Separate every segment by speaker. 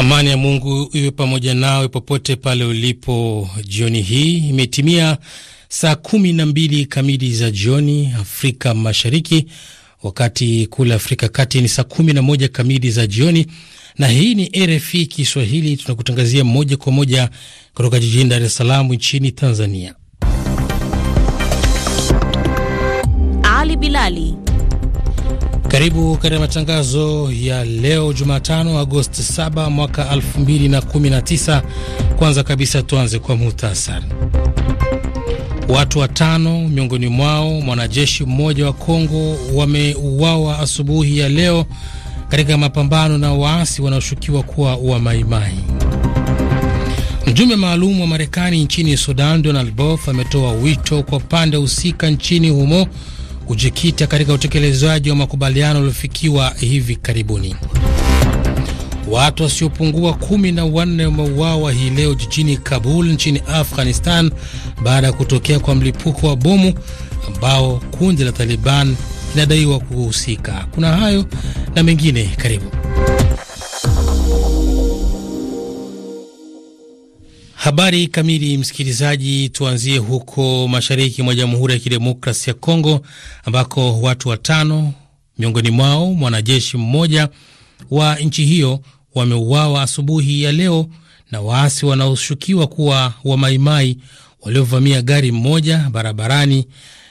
Speaker 1: Amani ya Mungu iwe pamoja nawe popote pale ulipo. Jioni hii imetimia saa kumi na mbili kamili za jioni Afrika Mashariki, wakati kule Afrika Kati ni saa kumi na moja kamili za jioni. Na hii ni RFI Kiswahili, tunakutangazia moja kwa moja kutoka jijini Dar es Salaam nchini Tanzania.
Speaker 2: Ali Bilali
Speaker 1: karibu katika matangazo ya leo Jumatano, Agosti 7 mwaka 2019. Kwanza kabisa tuanze kwa muhtasari. Watu watano miongoni mwao mwanajeshi mmoja wa Kongo wameuawa asubuhi ya leo katika mapambano na waasi wanaoshukiwa kuwa wa Maimai. Mjumbe maalum wa Marekani nchini Sudan Donald Boff ametoa wito kwa pande husika nchini humo kujikita katika utekelezaji wa makubaliano yaliyofikiwa hivi karibuni. Watu wasiopungua kumi na wanne wameuawa hii leo jijini Kabul nchini Afghanistan baada ya kutokea kwa mlipuko wa bomu ambao kundi la Taliban linadaiwa kuhusika. Kuna hayo na mengine, karibu Habari kamili, msikilizaji. Tuanzie huko mashariki mwa Jamhuri ya Kidemokrasi ya Kongo ambako watu watano, miongoni mwao mwanajeshi mmoja wa nchi hiyo, wameuawa asubuhi ya leo na waasi wanaoshukiwa kuwa wa Maimai waliovamia gari mmoja barabarani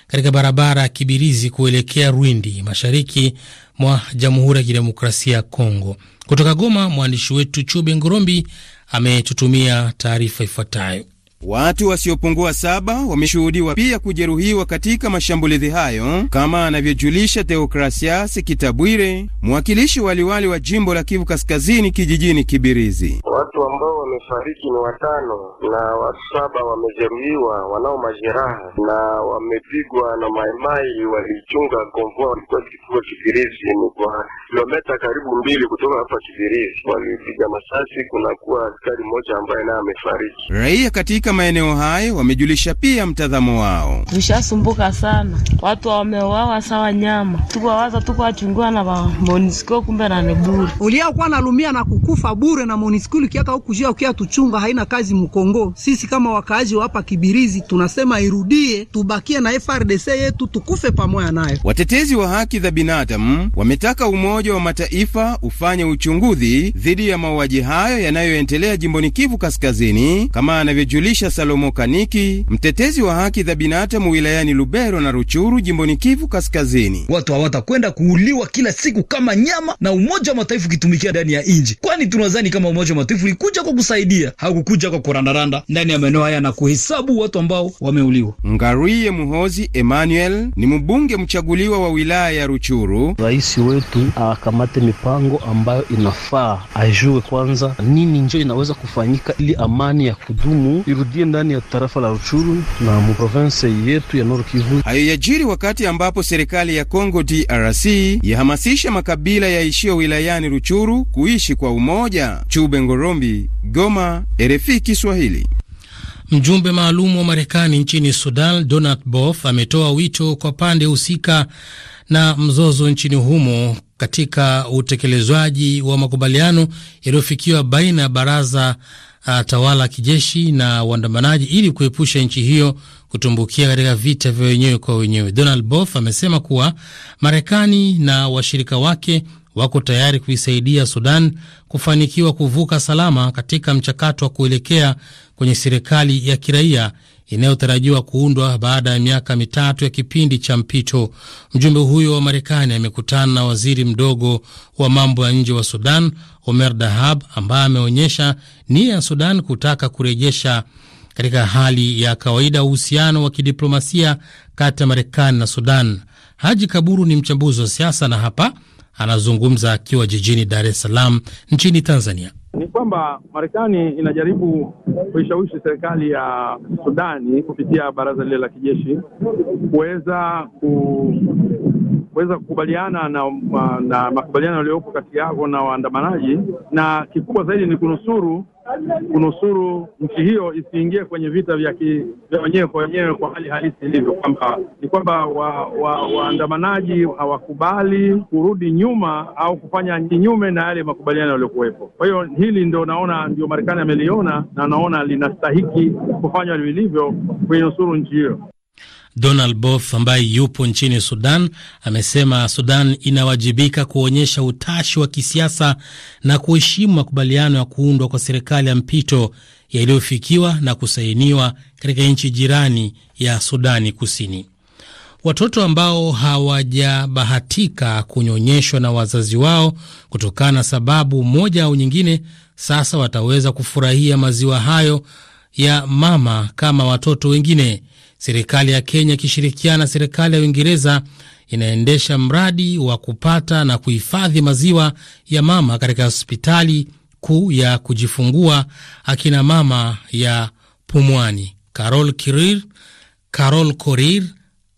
Speaker 1: katika barabara ya Kibirizi kuelekea Rwindi, mashariki mwa Jamhuri ya Kidemokrasia ya Kongo. Kutoka Goma, mwandishi wetu Chube Ngurombi ametutumia taarifa ifuatayo.
Speaker 3: Watu wasiopungua saba wameshuhudiwa pia kujeruhiwa katika mashambulizi hayo, kama anavyojulisha Theokrasias Kitabwire, mwakilishi waliwali wa jimbo la Kivu Kaskazini kijijini Kibirizi.
Speaker 4: Watu ambao wamefariki ni watano
Speaker 5: na watu saba wamejeruhiwa, wanao majeraha na wamepigwa na maimai walichunga konvoi walikuwa kituo Kibirizi, ni kwa kilometa karibu mbili kutoka hapa Kibirizi. Walipiga masasi, kunakuwa askari mmoja ambaye naye amefariki.
Speaker 3: Raia katika katika maeneo hayo wamejulisha pia mtazamo wao. Tushasumbuka sana,
Speaker 6: watu wameuawa sawa nyama, tukawaza tukawachungua na MONUSCO kumbe na ni bure. Uliakuwa nalumia na kukufa bure na MONUSCO huku jua ukia tuchunga haina kazi Mkongo. Sisi kama wakaaji wa hapa Kibirizi tunasema irudie, tubakie na FRDC yetu tukufe pamoja nayo.
Speaker 3: Watetezi wa haki za binadamu wametaka Umoja wa Mataifa ufanye uchunguzi dhidi ya mauaji hayo yanayoendelea jimboni Kivu Kaskazini kama anavyojulisha kumshirikisha Salomo Kaniki, mtetezi wa haki za binadamu wilayani Lubero na Ruchuru, jimboni Kivu Kaskazini. Watu hawatakwenda kuuliwa kila siku kama nyama, na Umoja wa Mataifa ukitumikia ndani ya nji kwani tunadhani kama Umoja wa Mataifa ulikuja kwa kusaidia, hakukuja kwa kurandaranda ndani ya maeneo haya na kuhesabu watu ambao wameuliwa. Ngariye Muhozi Emmanuel ni mbunge mchaguliwa wa wilaya ya Ruchuru. Rais wetu akamate mipango
Speaker 1: ambayo inafaa, ajue kwanza nini njo inaweza kufanyika ili amani ya kudumu irudi turudie ndani ya tarafa la Ruchuru na muprovense yetu ya Nord Kivu. Hayo
Speaker 3: wakati ambapo serikali ya Kongo DRC yahamasisha makabila yaishiyo wilayani Ruchuru kuishi kwa umoja. Chube Ngorombi, Goma, RFI Kiswahili.
Speaker 1: Mjumbe maalum wa Marekani nchini Sudan Donald Boff ametoa wito kwa pande husika na mzozo nchini humo katika utekelezwaji wa makubaliano yaliyofikiwa baina ya baraza tawala kijeshi na waandamanaji ili kuepusha nchi hiyo kutumbukia katika vita vya wenyewe kwa wenyewe. Donald Boff amesema kuwa Marekani na washirika wake wako tayari kuisaidia Sudan kufanikiwa kuvuka salama katika mchakato wa kuelekea kwenye serikali ya kiraia inayotarajiwa kuundwa baada ya miaka mitatu ya kipindi cha mpito. Mjumbe huyo wa Marekani amekutana na waziri mdogo wa mambo ya nje wa Sudan, Omer Dahab, ambaye ameonyesha nia ya Sudan kutaka kurejesha katika hali ya kawaida uhusiano wa kidiplomasia kati ya Marekani na Sudan. Haji Kaburu ni mchambuzi wa siasa na hapa anazungumza akiwa jijini Dar es Salaam nchini Tanzania.
Speaker 7: Ni kwamba Marekani inajaribu kuishawishi serikali ya Sudani kupitia baraza lile la kijeshi kuweza ku kuweza kukubaliana na, na makubaliano yaliyopo kati yao na waandamanaji, na kikubwa zaidi ni kunusuru kunusuru nchi hiyo isiingie kwenye vita vya wenyewe kwa wenyewe kwa hali halisi ilivyo, kwamba ni kwamba waandamanaji wa hawakubali kurudi nyuma au kufanya kinyume na yale makubaliano yaliyokuwepo. Kwa hiyo hili ndio naona ndio Marekani ameliona na naona linastahiki kufanywa vilivyo kuinusuru nchi hiyo.
Speaker 1: Donald bof ambaye yupo nchini Sudan amesema Sudan inawajibika kuonyesha utashi wa kisiasa na kuheshimu makubaliano ya kuundwa kwa serikali ya mpito yaliyofikiwa na kusainiwa katika nchi jirani ya Sudani Kusini. Watoto ambao hawajabahatika kunyonyeshwa na wazazi wao kutokana na sababu moja au nyingine, sasa wataweza kufurahia maziwa hayo ya mama kama watoto wengine. Serikali ya Kenya ikishirikiana na serikali ya Uingereza inaendesha mradi wa kupata na kuhifadhi maziwa ya mama katika hospitali kuu ya kujifungua akina mama ya Pumwani. Carol Kirir, Carol Korir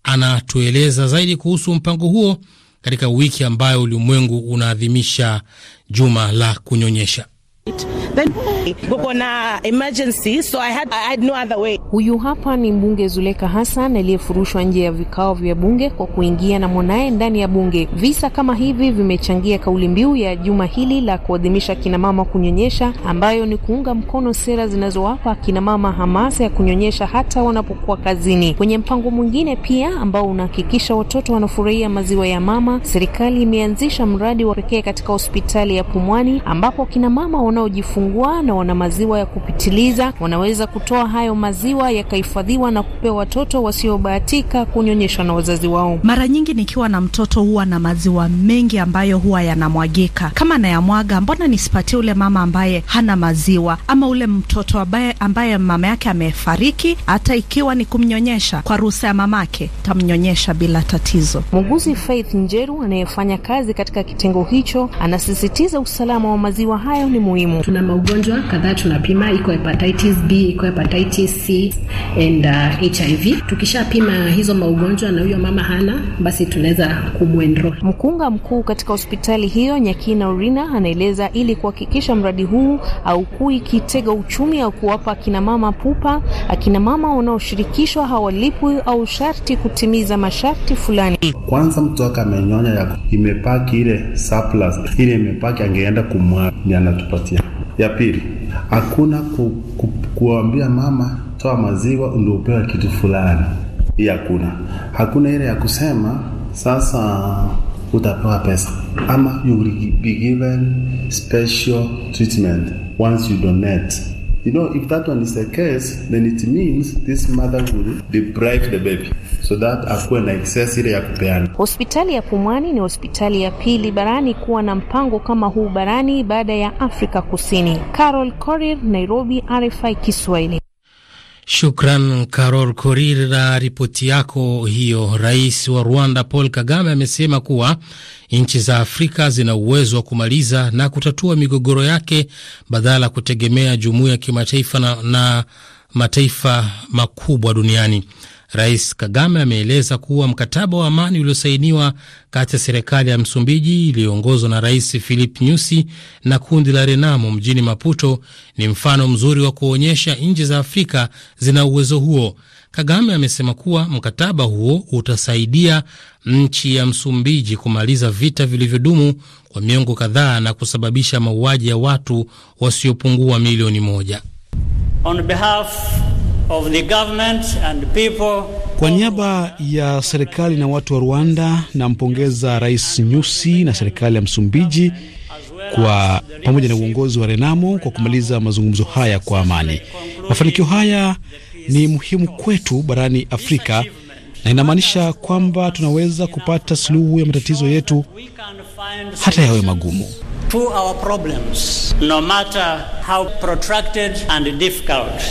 Speaker 1: anatueleza zaidi kuhusu mpango huo katika wiki ambayo ulimwengu unaadhimisha juma la kunyonyesha.
Speaker 2: Huyu hapa ni mbunge Zuleka Hassan aliyefurushwa nje ya vikao vya bunge kwa kuingia na mwanaye ndani ya bunge. Visa kama hivi vimechangia kauli mbiu ya juma hili la kuadhimisha kinamama kunyonyesha, ambayo ni kuunga mkono sera zinazowapa kinamama hamasa ya kunyonyesha hata wanapokuwa kazini. Kwenye mpango mwingine pia ambao unahakikisha watoto wanafurahia maziwa ya mama, serikali imeanzisha mradi wa pekee katika hospitali ya Pumwani ambapo kinamama wanaojifungua na wana maziwa ya kupitiliza wanaweza kutoa hayo maziwa yakahifadhiwa na kupewa watoto wasiobahatika kunyonyeshwa na wazazi wao. Mara nyingi nikiwa na mtoto huwa na maziwa mengi ambayo huwa yanamwagika. Kama nayamwaga, mbona nisipatie ule mama ambaye hana maziwa ama ule mtoto ambaye, ambaye mama yake amefariki? Hata ikiwa ni kumnyonyesha kwa ruhusa ya mamake, tamnyonyesha bila
Speaker 8: tatizo. Muuguzi
Speaker 2: Faith Njeru anayefanya kazi katika kitengo hicho anasisitiza usalama wa maziwa hayo ni muhimu muhimu. Tuna maugonjwa kadhaa tunapima, iko hepatitis B, iko hepatitis C and uh, HIV. Tukishapima hizo maugonjwa na huyo mama hana, basi tunaweza kumwenroa. Mkunga mkuu katika hospitali hiyo Nyakina Urina anaeleza ili kuhakikisha mradi huu au kui kitega uchumi au kuwapa akina mama pupa, akina mama wanaoshirikishwa hawalipwi au sharti kutimiza masharti fulani.
Speaker 9: Kwanza mtu akamenyonya yako imepaki ile surplus ile imepaki, angeenda kumwa ni anatupatia ya pili, hakuna ku, ku, kuambia mama toa maziwa ndio upewa kitu fulani. Hii hakuna. Hakuna ile ya kusema sasa utapewa pesa ama you will be given special treatment once you donate You know, if that one is the case, then it means this mother will deprive the baby so that akuwe na excess ile ya kupeana.
Speaker 2: Hospitali ya Pumwani ni hospitali ya pili barani kuwa na mpango kama huu barani baada ya Afrika Kusini. Carol Korir, Nairobi, RFI Kiswahili.
Speaker 1: Shukran Karol Korir na ripoti yako hiyo. Rais wa Rwanda Paul Kagame amesema kuwa nchi za Afrika zina uwezo wa kumaliza na kutatua migogoro yake badala ya kutegemea jumuiya ya kimataifa na, na mataifa makubwa duniani. Rais Kagame ameeleza kuwa mkataba wa amani uliosainiwa kati ya serikali ya Msumbiji iliyoongozwa na Rais Philip Nyusi na kundi la Renamo mjini Maputo ni mfano mzuri wa kuonyesha nchi za Afrika zina uwezo huo. Kagame amesema kuwa mkataba huo utasaidia nchi ya Msumbiji kumaliza vita vilivyodumu kwa miongo kadhaa na kusababisha mauaji ya watu wasiopungua milioni moja. On behalf
Speaker 10: of the government and people.
Speaker 1: Kwa niaba ya serikali na
Speaker 11: watu wa Rwanda, nampongeza Rais Nyusi na serikali ya Msumbiji kwa pamoja na uongozi wa Renamo kwa kumaliza mazungumzo haya kwa amani. Mafanikio haya ni muhimu kwetu barani Afrika na inamaanisha kwamba tunaweza kupata suluhu ya matatizo yetu hata yawe magumu.
Speaker 1: To our problems, no matter how protracted and difficult.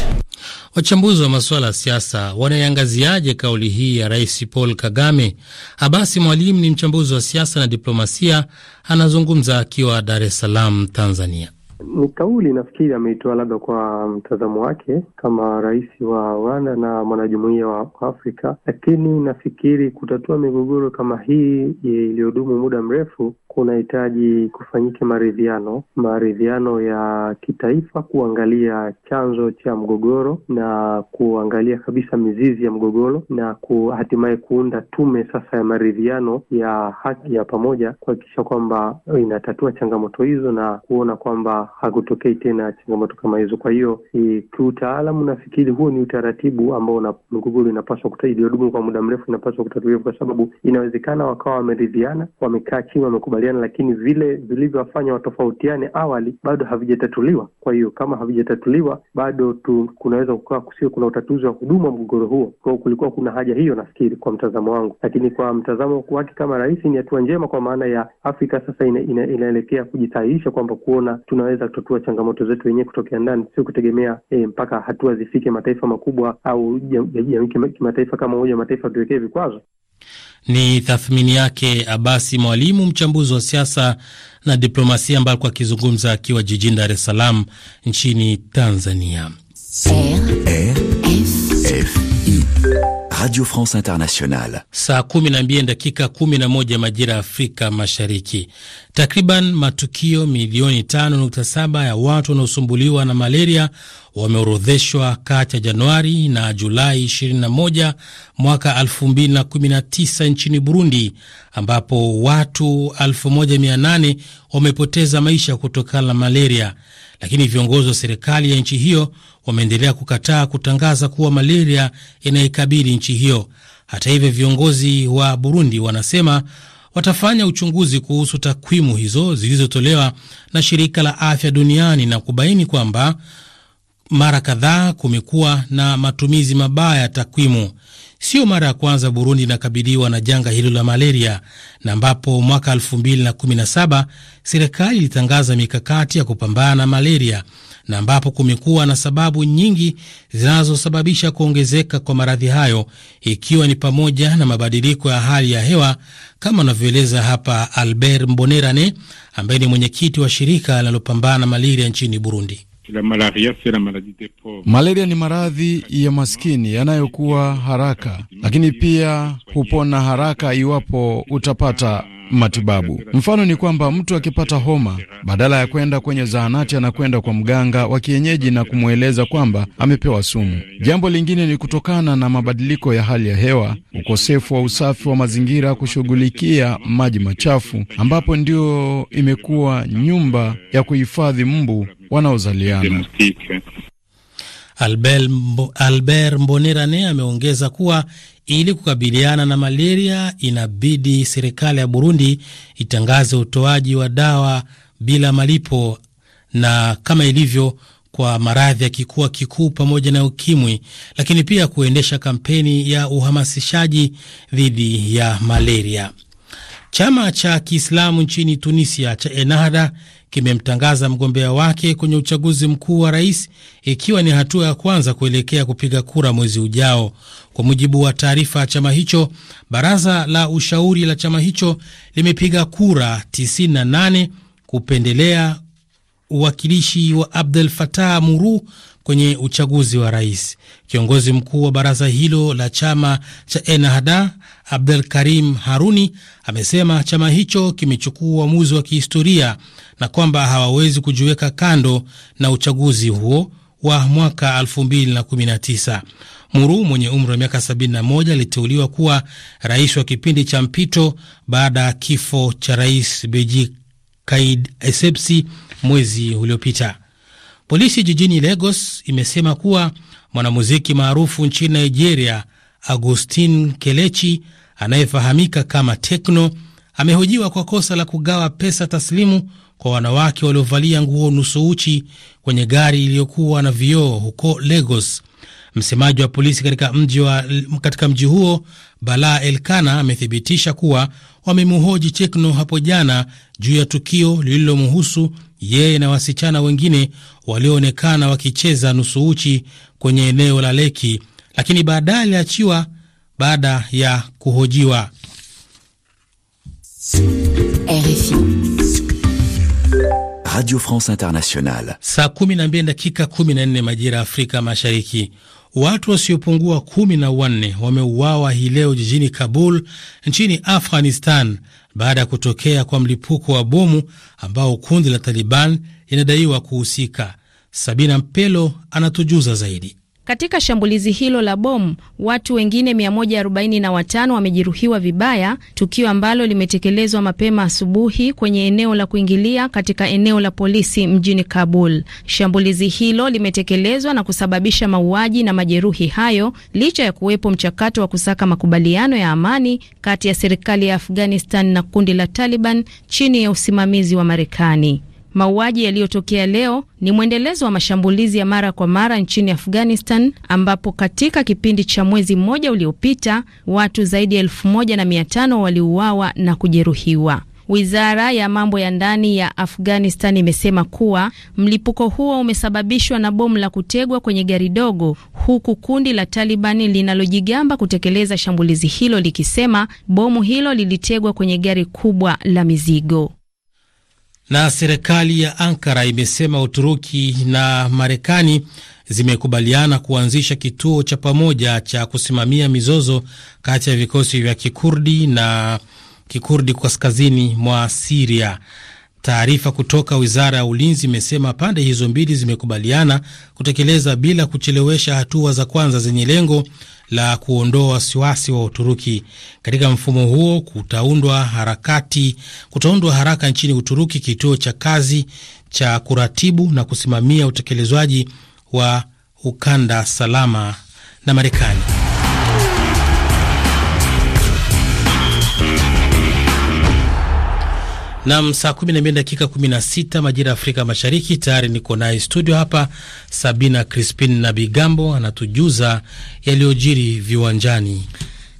Speaker 1: Wachambuzi wa masuala ya siasa wanaiangaziaje kauli hii ya Rais Paul Kagame? Abasi Mwalimu ni mchambuzi wa siasa na diplomasia, anazungumza akiwa Dar es Salaam, Tanzania.
Speaker 10: Ni kauli nafikiri ameitoa labda kwa mtazamo wake kama rais wa Rwanda na mwanajumuia wa Afrika, lakini nafikiri kutatua migogoro kama hii iliyodumu muda mrefu kunahitaji kufanyike maridhiano, maridhiano ya kitaifa, kuangalia chanzo cha mgogoro na kuangalia kabisa mizizi ya mgogoro na hatimaye kuunda tume sasa ya maridhiano ya haki ya pamoja kuhakikisha kwamba inatatua changamoto hizo na kuona kwamba hakutokei tena changamoto kama hizo. Kwa hiyo e, kiutaalamu nafikiri huo ni utaratibu ambao migogoro inapaswa iliyodumu kwa muda mrefu inapaswa kutatuliwa, kwa sababu inawezekana wakawa wameridhiana, wamekaa chini, wamekubaliana, lakini vile vilivyowafanya watofautiane awali bado havijatatuliwa. Kwa hiyo kama havijatatuliwa bado tu, kunaweza kukaa kusio kuna utatuzi wa kudumu wa mgogoro huo. Kwa kulikuwa kuna haja hiyo, nafikiri kwa mtazamo wangu, lakini kwa mtazamo wake kama rais ni hatua njema, kwa maana ya Afrika sasa ina, ina, inaelekea kujitayarisha kwamba kuona tunaweza kuweza kutatua changamoto zetu wenyewe kutokea ndani, sio kutegemea e, mpaka hatua zifike mataifa makubwa au jamii kimataifa kama Umoja wa Mataifa tuwekee vikwazo.
Speaker 1: Ni tathmini yake Abasi Mwalimu, mchambuzi wa siasa na diplomasia, ambaye alikuwa akizungumza akiwa jijini Dar es Salaam nchini Tanzania. RFI
Speaker 5: Radio France Internationale.
Speaker 1: Saa 12 dakika 11 majira ya Afrika Mashariki. Takriban matukio milioni 5.7 ya watu wanaosumbuliwa na malaria wameorodheshwa kati ya Januari na Julai 21 mwaka 2019 nchini Burundi, ambapo watu 1800 wamepoteza maisha kutokana na malaria lakini viongozi wa serikali ya nchi hiyo wameendelea kukataa kutangaza kuwa malaria inaikabili nchi hiyo. Hata hivyo, viongozi wa Burundi wanasema watafanya uchunguzi kuhusu takwimu hizo zilizotolewa na shirika la afya duniani na kubaini kwamba mara kadhaa kumekuwa na matumizi mabaya ya takwimu. Sio mara ya kwanza Burundi inakabiliwa na janga hilo la malaria, na ambapo mwaka 2017 serikali ilitangaza mikakati ya kupambana na malaria, na ambapo kumekuwa na sababu nyingi zinazosababisha kuongezeka kwa maradhi hayo, ikiwa ni pamoja na mabadiliko ya hali ya hewa, kama anavyoeleza hapa Albert Mbonerane ambaye ni mwenyekiti wa
Speaker 12: shirika linalopambana na malaria nchini Burundi
Speaker 13: la malaria, si la maladie des pauvres.
Speaker 12: Malaria ni maradhi ya maskini yanayokuwa haraka, lakini pia hupona haraka iwapo utapata matibabu. Mfano ni kwamba mtu akipata homa, badala ya kwenda kwenye zahanati, anakwenda kwa mganga wa kienyeji na kumweleza kwamba amepewa sumu. Jambo lingine ni kutokana na mabadiliko ya hali ya hewa, ukosefu wa usafi wa mazingira, kushughulikia maji machafu, ambapo ndio imekuwa nyumba ya kuhifadhi mbu wanaozaliana.
Speaker 1: Albert, Mbo, Albert Mbonerane ameongeza kuwa ili kukabiliana na malaria inabidi serikali ya Burundi itangaze utoaji wa dawa bila malipo na kama ilivyo kwa maradhi ya kifua kikuu pamoja na ukimwi, lakini pia kuendesha kampeni ya uhamasishaji dhidi ya malaria. Chama cha Kiislamu nchini Tunisia cha Ennahda kimemtangaza mgombea wake kwenye uchaguzi mkuu wa rais, ikiwa ni hatua ya kwanza kuelekea kupiga kura mwezi ujao. Kwa mujibu wa taarifa ya chama hicho, baraza la ushauri la chama hicho limepiga kura 98 kupendelea uwakilishi wa Abdel Fattah Muru kwenye uchaguzi wa rais. Kiongozi mkuu wa baraza hilo la chama cha Ennahda, Abdel Karim Haruni, amesema chama hicho kimechukua uamuzi wa kihistoria na kwamba hawawezi kujiweka kando na uchaguzi huo wa mwaka 2019. Muru mwenye umri wa miaka 71 aliteuliwa kuwa rais wa kipindi cha mpito baada ya kifo cha rais Beji Kaid Esepsi mwezi uliopita. Polisi jijini Lagos imesema kuwa mwanamuziki maarufu nchini Nigeria Agustin Kelechi anayefahamika kama Tekno amehojiwa kwa kosa la kugawa pesa taslimu kwa wanawake waliovalia nguo nusu uchi kwenye gari iliyokuwa na vioo huko Lagos. Msemaji wa polisi katika mji wa, katika mji huo Bala Elkana amethibitisha kuwa wamemhoji Chekno hapo jana juu ya tukio lililomhusu yeye na wasichana wengine walioonekana wakicheza nusu uchi kwenye eneo la Leki, lakini baadaye aliachiwa baada ya kuhojiwa. RFI
Speaker 5: Radio France Internationale,
Speaker 1: saa 12 dakika 14 majira ya Afrika Mashariki. Watu wasiopungua kumi na wanne wameuawa hii leo jijini Kabul nchini Afghanistan baada ya kutokea kwa mlipuko wa bomu ambao kundi la Taliban linadaiwa kuhusika. Sabina Mpelo anatujuza zaidi.
Speaker 2: Katika shambulizi hilo la bomu, watu wengine 145 wamejeruhiwa vibaya, tukio ambalo limetekelezwa mapema asubuhi kwenye eneo la kuingilia katika eneo la polisi mjini Kabul. Shambulizi hilo limetekelezwa na kusababisha mauaji na majeruhi hayo licha ya kuwepo mchakato wa kusaka makubaliano ya amani kati ya serikali ya Afghanistan na kundi la Taliban chini ya usimamizi wa Marekani. Mauaji yaliyotokea leo ni mwendelezo wa mashambulizi ya mara kwa mara nchini Afghanistan, ambapo katika kipindi cha mwezi mmoja uliopita watu zaidi ya elfu moja na mia tano waliuawa na kujeruhiwa. Wizara ya mambo ya ndani ya Afghanistan imesema kuwa mlipuko huo umesababishwa na bomu la kutegwa kwenye gari dogo, huku kundi la Talibani linalojigamba kutekeleza shambulizi hilo likisema bomu hilo lilitegwa kwenye gari kubwa la mizigo.
Speaker 1: Na serikali ya Ankara imesema Uturuki na Marekani zimekubaliana kuanzisha kituo cha pamoja cha kusimamia mizozo kati ya vikosi vya Kikurdi na Kikurdi kaskazini mwa Siria. Taarifa kutoka wizara ya ulinzi imesema pande hizo mbili zimekubaliana kutekeleza bila kuchelewesha hatua za kwanza zenye lengo la kuondoa wasiwasi wa Uturuki. Katika mfumo huo kutaundwa harakati kutaundwa haraka nchini Uturuki kituo cha kazi cha kuratibu na kusimamia utekelezwaji wa ukanda salama na Marekani. Nam, saa mbili dakika 16 majira ya Afrika Mashariki. Tayari niko naye studio hapa Sabina Crispin na Bigambo anatujuza yaliyojiri viwanjani.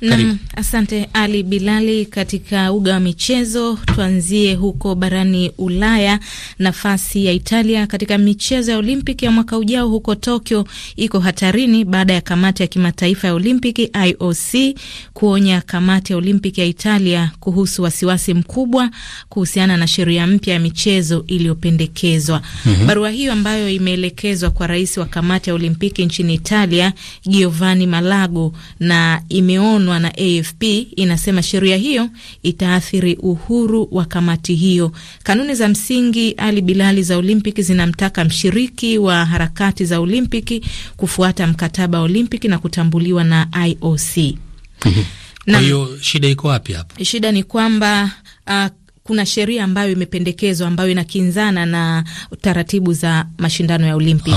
Speaker 1: Nam,
Speaker 8: asante Ali Bilali. Katika uga wa michezo, tuanzie huko barani Ulaya. Nafasi ya Italia katika michezo ya Olimpiki ya mwaka ujao huko Tokyo iko hatarini baada ya kamati ya kimataifa ya Olimpiki IOC kuonya kamati ya Olimpiki ya Italia kuhusu wasiwasi mkubwa kuhusiana na sheria mpya ya michezo iliyopendekezwa. mm -hmm. Barua hiyo ambayo imeelekezwa kwa rais wa kamati ya Olimpiki nchini Italia Giovanni Malago na imeona iliyobanwa na AFP inasema sheria hiyo itaathiri uhuru wa kamati hiyo. Kanuni za msingi Ali Bilali za Olimpiki zinamtaka mshiriki wa harakati za Olimpiki kufuata mkataba wa Olimpiki na kutambuliwa na IOC.
Speaker 1: Mhm. Kwa hiyo shida iko wapi hapo?
Speaker 8: Shida ni kwamba uh, kuna sheria ambayo imependekezwa ambayo inakinzana na taratibu za mashindano ya Olimpiki.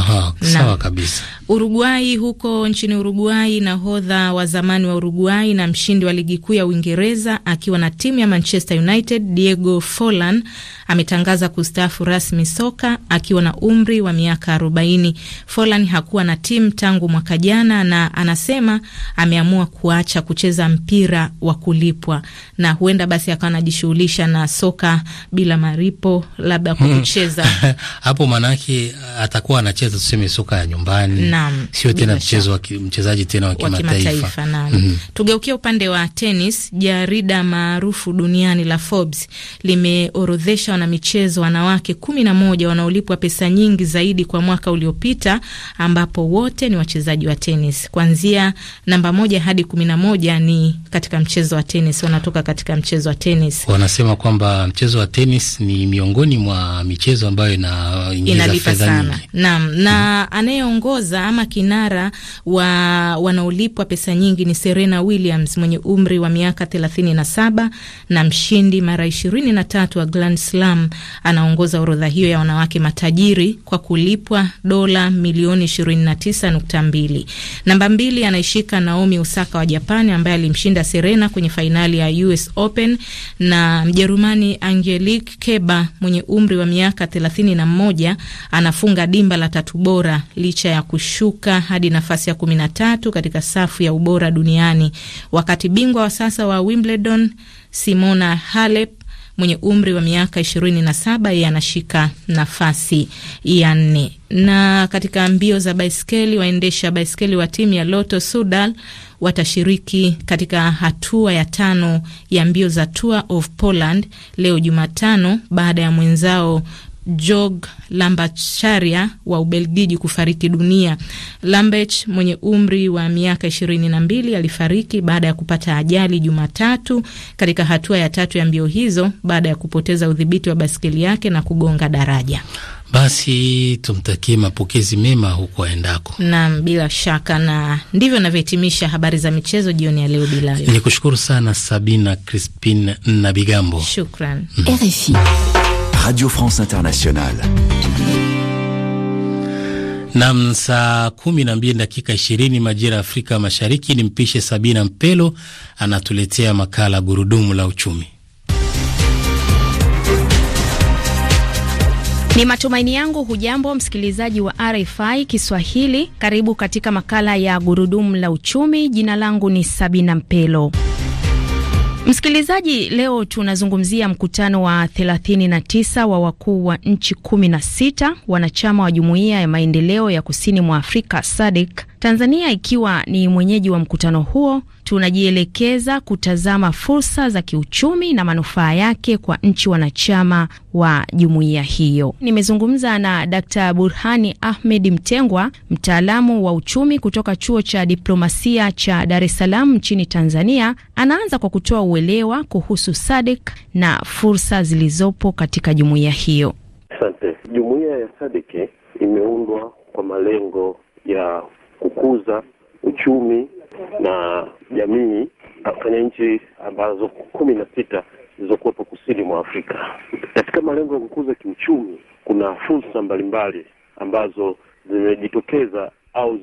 Speaker 8: Sawa kabisa. Uruguay, huko nchini Uruguay, nahodha wa zamani wa Uruguay na mshindi wa ligi kuu ya Uingereza akiwa na timu ya Manchester United, Diego Forlan ametangaza kustaafu rasmi soka akiwa na umri wa miaka 40. Forlan hakuwa na timu tangu mwaka jana na anasema ameamua kuacha kucheza mpira wa kulipwa na huenda basi akawa anajishughulisha na soka soka bila maripo, labda kwa hmm. kucheza
Speaker 1: hapo. Maanake uh, atakuwa anacheza tuseme soka ya nyumbani, sio tena mchezo wa mchezaji tena wa kimataifa. Naam, hmm.
Speaker 8: tugeukia upande wa tenis. Jarida maarufu duniani la Forbes limeorodhesha wanamichezo wanawake kumi na moja wanaolipwa pesa nyingi zaidi kwa mwaka uliopita, ambapo wote ni wachezaji wa tenis kuanzia namba moja hadi kumi na moja ni katika mchezo wa tenis, wanatoka katika mchezo wa tenis.
Speaker 1: Wanasema kwamba kwamba mchezo wa tenis ni miongoni mwa michezo ambayo inaingiza fedha nyingi.
Speaker 8: Naam, na hmm, anayeongoza ama kinara wa wanaolipwa pesa nyingi ni Serena Williams mwenye umri wa miaka 37 na mshindi mara 23 wa Grand Slam, anaongoza orodha hiyo ya wanawake matajiri kwa kulipwa dola milioni 29.2. Namba mbili anaishika Naomi Osaka wa Japani ambaye alimshinda Serena kwenye fainali ya US Open na Mjerumani Ujerumani Angelique Keba mwenye umri wa miaka 31 anafunga dimba la tatu bora licha ya kushuka hadi nafasi ya 13 katika safu ya ubora duniani, wakati bingwa wa sasa wa Wimbledon Simona Halep mwenye umri wa miaka ishirini saba yeye anashika nafasi ya nne. Na katika mbio za baiskeli, waendesha baiskeli wa timu ya Lotto Sudal watashiriki katika hatua ya tano ya mbio za Tour of Poland leo Jumatano baada ya mwenzao Jog Lambacharia wa Ubelgiji kufariki dunia. Lambech mwenye umri wa miaka ishirini na mbili alifariki baada ya kupata ajali Jumatatu katika hatua ya tatu ya mbio hizo baada ya kupoteza udhibiti wa baskeli yake na kugonga daraja.
Speaker 1: Basi tumtakie mapokezi mema huko aendako.
Speaker 8: Naam, bila shaka, na ndivyo navyohitimisha habari za michezo jioni ya leo. Bila ni
Speaker 1: kushukuru sana Sabina Crispin na Bigambo,
Speaker 8: shukran
Speaker 1: mhm. RFI. Radio France Internationale. Nam, saa kumi na mbili dakika ishirini majira ya Afrika Mashariki. Ni mpishe Sabina Mpelo anatuletea makala gurudumu la uchumi.
Speaker 2: Ni matumaini yangu hujambo msikilizaji wa RFI Kiswahili. Karibu katika makala ya gurudumu la uchumi. Jina langu ni Sabina Mpelo. Msikilizaji, leo tunazungumzia mkutano wa 39 wa wakuu wa nchi 16 wanachama wa jumuiya ya maendeleo ya kusini mwa Afrika SADC, Tanzania ikiwa ni mwenyeji wa mkutano huo tunajielekeza kutazama fursa za kiuchumi na manufaa yake kwa nchi wanachama wa jumuiya hiyo. Nimezungumza na Dkt. Burhani Ahmed Mtengwa, mtaalamu wa uchumi kutoka Chuo cha Diplomasia cha Dar es Salaam nchini Tanzania. Anaanza kwa kutoa uelewa kuhusu SADC na fursa zilizopo katika jumuiya hiyo.
Speaker 5: Asante. Jumuiya ya SADC imeundwa kwa malengo ya kukuza uchumi na jamii kufanya nchi ambazo kumi na sita zilizokuwepo kusini mwa Afrika. Katika malengo ya kukuza kiuchumi, kuna fursa mbalimbali ambazo zimejitokeza au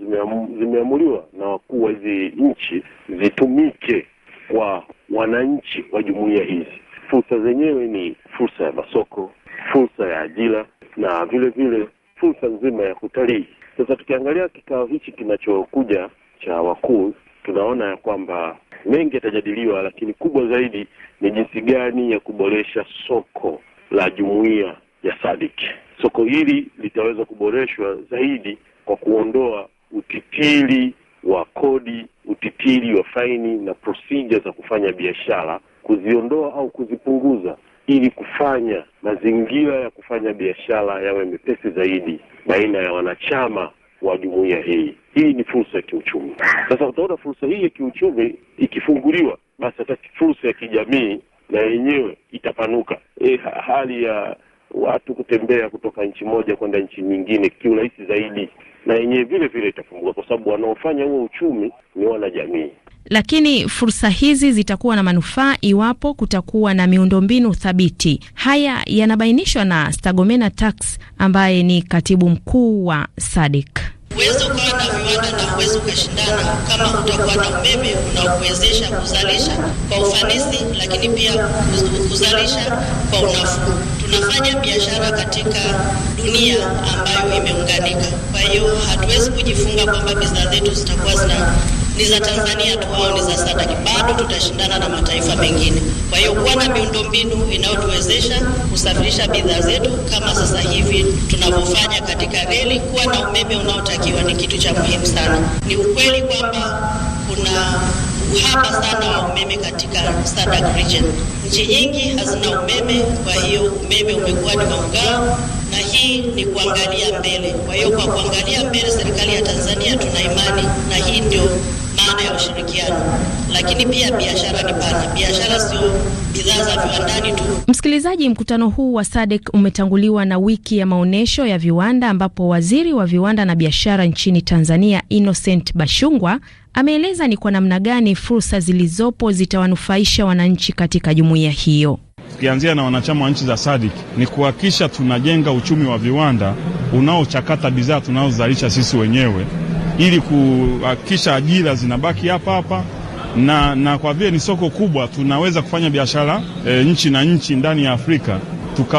Speaker 5: zimeamuliwa na wakuu wa hizi nchi zitumike kwa wananchi wa jumuiya hizi. Fursa zenyewe ni fursa ya masoko, fursa ya ajira na vile vile fursa nzima ya utalii. Sasa tukiangalia kikao hichi kinachokuja cha wakuu, tunaona ya kwamba mengi yatajadiliwa, lakini kubwa zaidi ni jinsi gani ya kuboresha soko la jumuiya ya sadiki Soko hili litaweza kuboreshwa zaidi kwa kuondoa
Speaker 13: utitili
Speaker 5: wa kodi, utitili wa faini na procedure za kufanya biashara, kuziondoa au kuzipunguza ili kufanya mazingira ya kufanya biashara yawe mepesi zaidi baina ya wanachama wa jumuiya hii. Hii ni fursa ya kiuchumi. Sasa utaona fursa hii ya kiuchumi ikifunguliwa, basi hata fursa ya kijamii na yenyewe itapanuka. E, hali ya watu kutembea kutoka nchi moja kwenda nchi nyingine kiurahisi zaidi, na yenyewe vile vile itafunguka, kwa sababu wanaofanya huo uchumi ni wanajamii.
Speaker 2: Lakini fursa hizi zitakuwa na manufaa iwapo kutakuwa na miundombinu thabiti. Haya yanabainishwa na Stagomena Tax ambaye ni katibu mkuu wa SADC. Huwezi ukawa na viwanda na huwezi ukashindana kama hutakuwa na umeme unaokuwezesha kuzalisha kwa
Speaker 6: ufanisi, lakini pia kuzalisha kwa unafuu tunafanya biashara katika dunia ambayo imeunganika. Kwa hiyo hatuwezi kujifunga kwamba bidhaa zetu zitakuwa zina
Speaker 2: ni za Tanzania tu au ni za sadaki bado tutashindana na mataifa mengine. Kwa hiyo kuwa na miundombinu inayotuwezesha kusafirisha bidhaa zetu kama sasa hivi tunavyofanya katika reli, kuwa na umeme unaotakiwa ni kitu cha muhimu sana. Ni ukweli
Speaker 6: kwamba kuna haba sana ya umeme katika Sadak region. Nchi nyingi hazina umeme, kwa hiyo umeme umekuwa ni wa mgao na hii ni kuangalia
Speaker 2: mbele. Kwa hiyo kwa kuangalia mbele, serikali ya Tanzania tuna imani na hii ndio maana ya ushirikiano. Lakini pia biashara ni pana, biashara sio bidhaa za viwandani tu. Msikilizaji, mkutano huu wa SADC umetanguliwa na wiki ya maonyesho ya viwanda ambapo waziri wa viwanda na biashara nchini Tanzania Innocent Bashungwa ameeleza ni kwa namna gani fursa zilizopo zitawanufaisha wananchi katika jumuiya hiyo.
Speaker 9: Tukianzia na wanachama wa nchi za SADC ni kuhakikisha tunajenga uchumi wa viwanda unaochakata bidhaa tunazozalisha sisi wenyewe ili kuhakikisha ajira zinabaki hapa hapa na, na kwa vile ni soko kubwa tunaweza kufanya biashara e, nchi na nchi ndani ya Afrika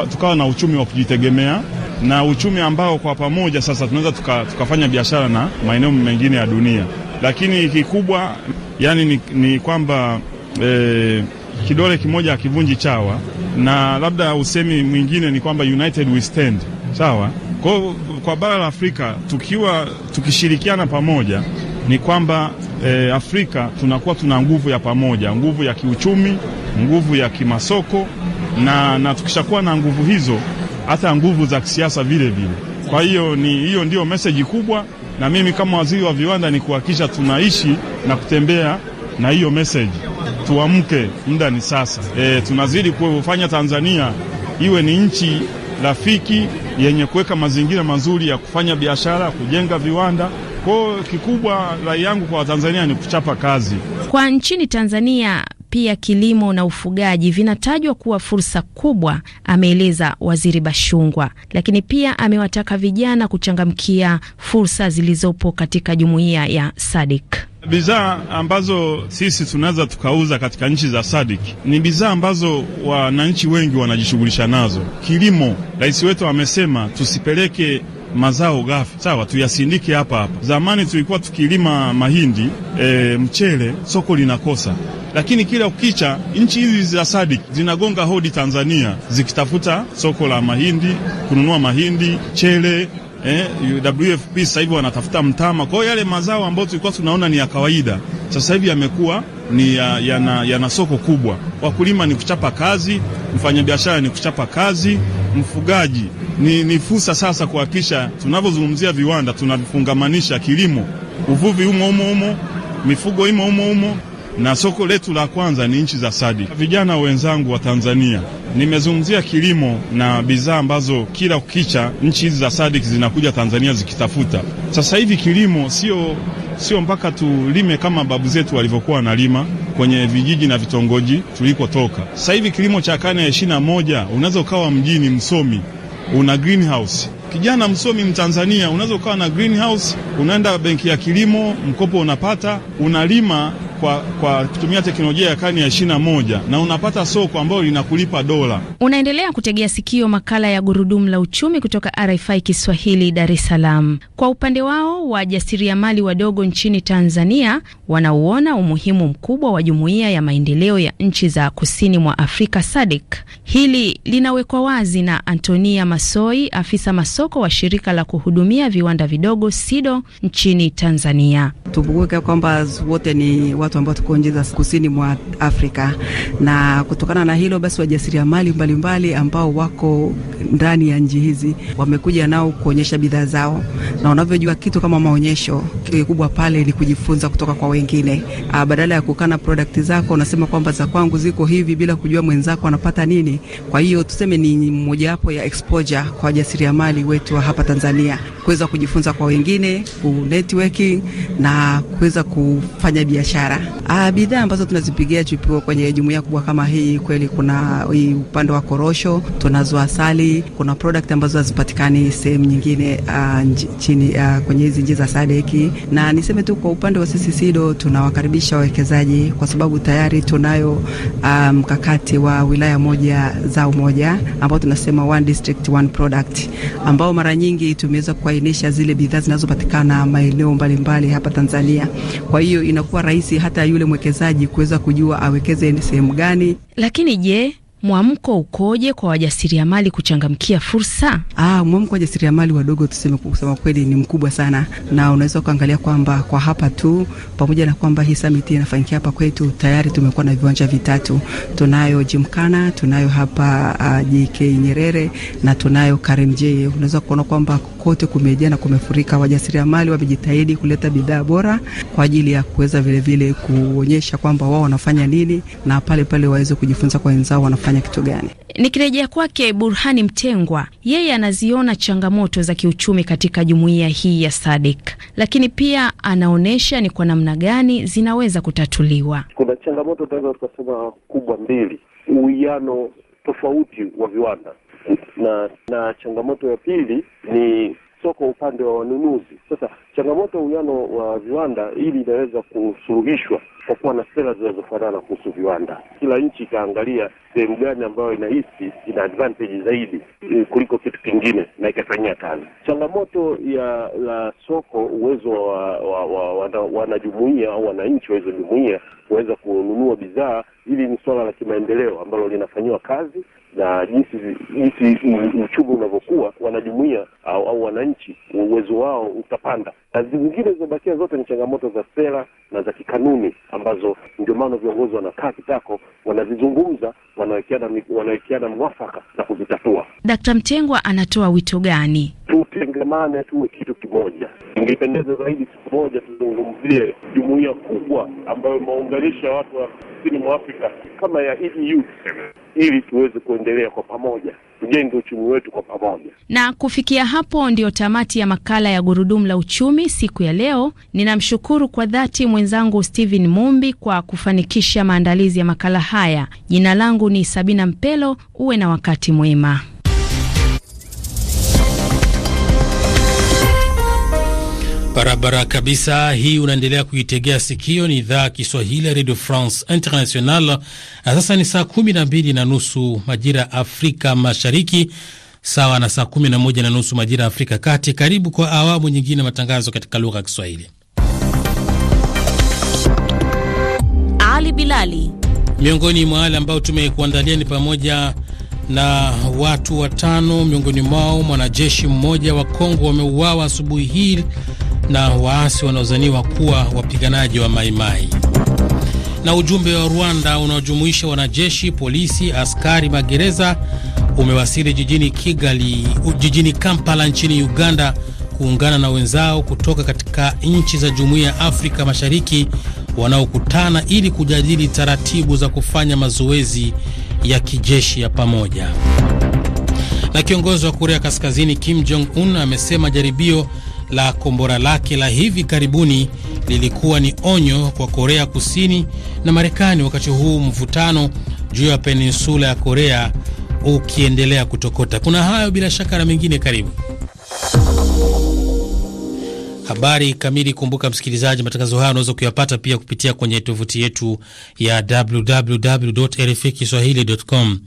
Speaker 9: tukawa na uchumi wa kujitegemea na uchumi ambao kwa pamoja sasa tunaweza tuka, tukafanya biashara na maeneo mengine ya dunia, lakini kikubwa yani ni, ni kwamba eh, kidole kimoja hakivunji chawa, na labda usemi mwingine ni kwamba united we stand. Sawa, kwa, kwa bara la Afrika tukiwa tukishirikiana pamoja ni kwamba eh, Afrika tunakuwa tuna nguvu ya pamoja, nguvu ya kiuchumi, nguvu ya kimasoko na, na tukishakuwa na nguvu hizo hata nguvu za kisiasa vile vile. Kwa hiyo ni hiyo ndiyo meseji kubwa, na mimi kama waziri wa viwanda ni kuhakikisha tunaishi na kutembea na hiyo meseji. Tuamke, muda ni sasa. E, tunazidi kufanya Tanzania iwe ni nchi rafiki yenye kuweka mazingira mazuri ya kufanya biashara, kujenga viwanda. Kwa kikubwa, rai yangu kwa Watanzania ni kuchapa kazi
Speaker 2: kwa nchini Tanzania pia kilimo na ufugaji vinatajwa kuwa fursa kubwa, ameeleza Waziri Bashungwa. Lakini pia amewataka vijana kuchangamkia fursa zilizopo katika jumuiya ya
Speaker 9: SADC. Bidhaa ambazo sisi tunaweza tukauza katika nchi za SADC ni bidhaa ambazo wananchi wengi wanajishughulisha nazo, kilimo. Rais wetu amesema tusipeleke mazao ghafi, sawa, tuyasindike hapa hapa. Zamani tulikuwa tukilima mahindi e, mchele, soko linakosa lakini kila ukicha nchi hizi za sadiki zinagonga hodi Tanzania zikitafuta soko la mahindi, kununua mahindi, chele eh, WFP sasa hivi wanatafuta mtama. Kwa hiyo yale mazao ambayo tulikuwa tunaona ni ya kawaida sasa hivi yamekuwa ni yana ya, ya, ya, soko kubwa. Wakulima ni kuchapa kazi, mfanyabiashara ni kuchapa kazi, mfugaji ni, ni fursa sasa kuhakikisha tunavyozungumzia viwanda tunavifungamanisha kilimo, uvuvi umo umo umo, mifugo imo umo umo na soko letu la kwanza ni nchi za sadi. Vijana wenzangu wa Tanzania, nimezungumzia kilimo na bidhaa ambazo kila kukicha nchi hizi za sadi zinakuja Tanzania zikitafuta. Sasa hivi kilimo sio sio mpaka tulime kama babu zetu walivyokuwa wanalima kwenye vijiji na vitongoji tulikotoka. Sasa hivi kilimo cha karne ya ishirini na moja, unaweza ukawa mjini msomi una greenhouse Kijana msomi Mtanzania unaweza ukawa na greenhouse, unaenda benki ya kilimo, mkopo unapata, unalima kwa, kwa kutumia teknolojia ya karne ya ishirini na moja na unapata soko ambayo linakulipa dola.
Speaker 2: Unaendelea kutegea sikio makala ya gurudumu la uchumi kutoka RFI Kiswahili, Dar es Salaam. Kwa upande wao wajasiriamali wadogo nchini Tanzania wanauona umuhimu mkubwa wa jumuiya ya maendeleo ya nchi za kusini mwa Afrika SADC. Hili linawekwa wazi na Antonia Masoi, afisa masoko wa shirika la kuhudumia viwanda vidogo SIDO nchini Tanzania.
Speaker 6: Tukumbuke kwamba wote ni watu watu ambao tuko nje za kusini mwa Afrika, na kutokana na hilo basi wajasiriamali mbalimbali ambao wako ndani ya nchi hizi wamekuja nao kuonyesha bidhaa zao, na unavyojua kitu kama maonyesho, kikubwa pale ni kujifunza kutoka kwa wengine. A, ah, badala ya kukana product zako unasema kwamba za kwangu ziko hivi bila kujua mwenzako anapata nini. Kwa hiyo tuseme ni mojawapo ya exposure kwa wajasiriamali wetu wa hapa Tanzania kuweza kujifunza kwa wengine, ku networking na kuweza kufanya biashara. Ah, bidhaa ambazo tunazipigia chipuo kwenye jumuiya kubwa kama hii, kweli kuna hii upande wa korosho, tunazo asali, kuna product ambazo hazipatikani sehemu nyingine uh, nji, chini uh, kwenye hizi nchi za sadeki. Na niseme tu kwa upande wa sisi SIDO tunawakaribisha wawekezaji kwa sababu tayari tunayo ah, mkakati um, wa wilaya moja za umoja ambao tunasema one district one product, ambao mara nyingi tumeweza kuainisha zile bidhaa zinazopatikana maeneo mbalimbali hapa Tanzania. Kwa hiyo inakuwa rahisi hata hata yule mwekezaji kuweza kujua awekeze sehemu gani. Lakini je, mwamko ukoje kwa wajasiriamali kuchangamkia fursa? Ah, mwamko wa wajasiriamali wadogo tuseme, kusema kweli ni mkubwa sana, na unaweza ukaangalia kwamba kwa hapa tu, pamoja na kwamba hii summit inafanyikia hapa kwetu, tayari tumekuwa na viwanja vitatu. Tunayo Jimkana, tunayo hapa uh, ah, JK Nyerere na tunayo Karimjee. Unaweza kuona kwamba kote kumejaa na kumefurika. Wajasiriamali wamejitahidi kuleta bidhaa bora kwa ajili ya kuweza vilevile kuonyesha kwamba wao wanafanya nini na pale pale waweze kujifunza kwa wenzao wanafanya kitu gani.
Speaker 2: Nikirejea kwake Burhani Mtengwa, yeye anaziona changamoto za kiuchumi katika jumuiya hii ya SADC, lakini pia anaonyesha ni kwa namna gani zinaweza kutatuliwa.
Speaker 5: Kuna changamoto tunaweza tukasema kubwa mbili, uwiano tofauti wa viwanda na na changamoto ya pili ni soko upande wa wanunuzi. Sasa changamoto ya uwiano wa viwanda hili inaweza kusuluhishwa kwa kuwa na sera zinazofanana kuhusu viwanda. Kila nchi ikaangalia sehemu gani ambayo inahisi ina advantage zaidi eh, kuliko kitu kingine na ikafanyia kazi. Changamoto ya la soko, uwezo wa, wa, wa, wa wanajumuia au wananchi wa hizo jumuia kuweza kununua bidhaa, hili ni suala la kimaendeleo ambalo linafanyiwa kazi, na jinsi jinsi uchumi unavyokuwa, wanajumuia au, au wananchi uwezo wao utapanda, na zingine zizobakia zote ni changamoto za sera na za kikanuni, ambazo ndio maana viongozi wanakaa kitako, wanazizungumza, wanawekeana mwafaka na kuzitatua.
Speaker 2: Dkt. Mtengwa anatoa wito gani
Speaker 5: tutengemane, tuwe kitu kimoja. Ingependeza zaidi siku moja tuzungumzie jumuiya kubwa ambayo imeunganisha watu wa kusini mwa Afrika kama ya EU ili tuweze kuendelea kwa pamoja, tujenge uchumi wetu kwa pamoja.
Speaker 2: Na kufikia hapo, ndiyo tamati ya makala ya Gurudumu la Uchumi siku ya leo. Ninamshukuru kwa dhati mwenzangu Steven Mumbi kwa kufanikisha maandalizi ya makala haya. Jina langu ni Sabina Mpelo. Uwe na wakati mwema.
Speaker 1: Barabara kabisa hii, unaendelea kuitegea sikio, ni idhaa ya Kiswahili ya Radio France International. Na sasa ni saa kumi na mbili na nusu majira ya Afrika Mashariki, sawa na saa kumi na moja na nusu majira ya Afrika Kati. Karibu kwa awamu nyingine matangazo katika lugha ya Kiswahili. Ali Bilali, miongoni mwa wale ambao tumekuandalia ni pamoja na watu watano, miongoni mwao mwanajeshi mmoja wa Kongo wameuawa asubuhi hii na waasi wanaozaniwa kuwa wapiganaji wa Maimai na ujumbe wa Rwanda unaojumuisha wanajeshi, polisi, askari magereza umewasili jijini Kigali, jijini Kampala nchini Uganda kuungana na wenzao kutoka katika nchi za Jumuiya ya Afrika Mashariki wanaokutana ili kujadili taratibu za kufanya mazoezi ya kijeshi ya pamoja. Na kiongozi wa Korea Kaskazini Kim Jong Un amesema jaribio la kombora lake la hivi karibuni lilikuwa ni onyo kwa Korea Kusini na Marekani, wakati huu mvutano juu ya peninsula ya Korea ukiendelea kutokota. Kuna hayo bila shaka na mengine, karibu habari kamili. Kumbuka msikilizaji, matangazo haya unaweza kuyapata pia kupitia kwenye tovuti yetu ya www.rfikiswahili.com.